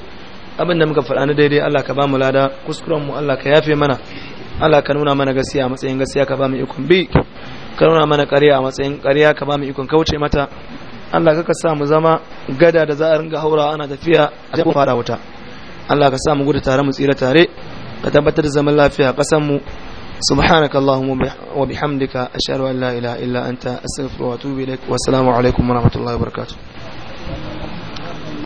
abin da muka faɗa na daidai Allah ka ba mu lada kuskuren mu Allah ka yafe mana Allah ka nuna mana gaskiya a matsayin gaskiya ka ba mu ikon bi ka nuna mana ƙarya a matsayin ƙarya ka ba mu ikon kauce mata Allah ka sa mu zama gada da za a ringa haura ana tafiya a cikin fara wuta Allah ka sa mu gudu tare mu tsira tare ka tabbatar da zaman lafiya a ƙasar mu سبحانك اللهم وبحمدك أشهد أن لا إله إلا أنت أستغفر وأتوب إليك والسلام عليكم ورحمة الله وبركاته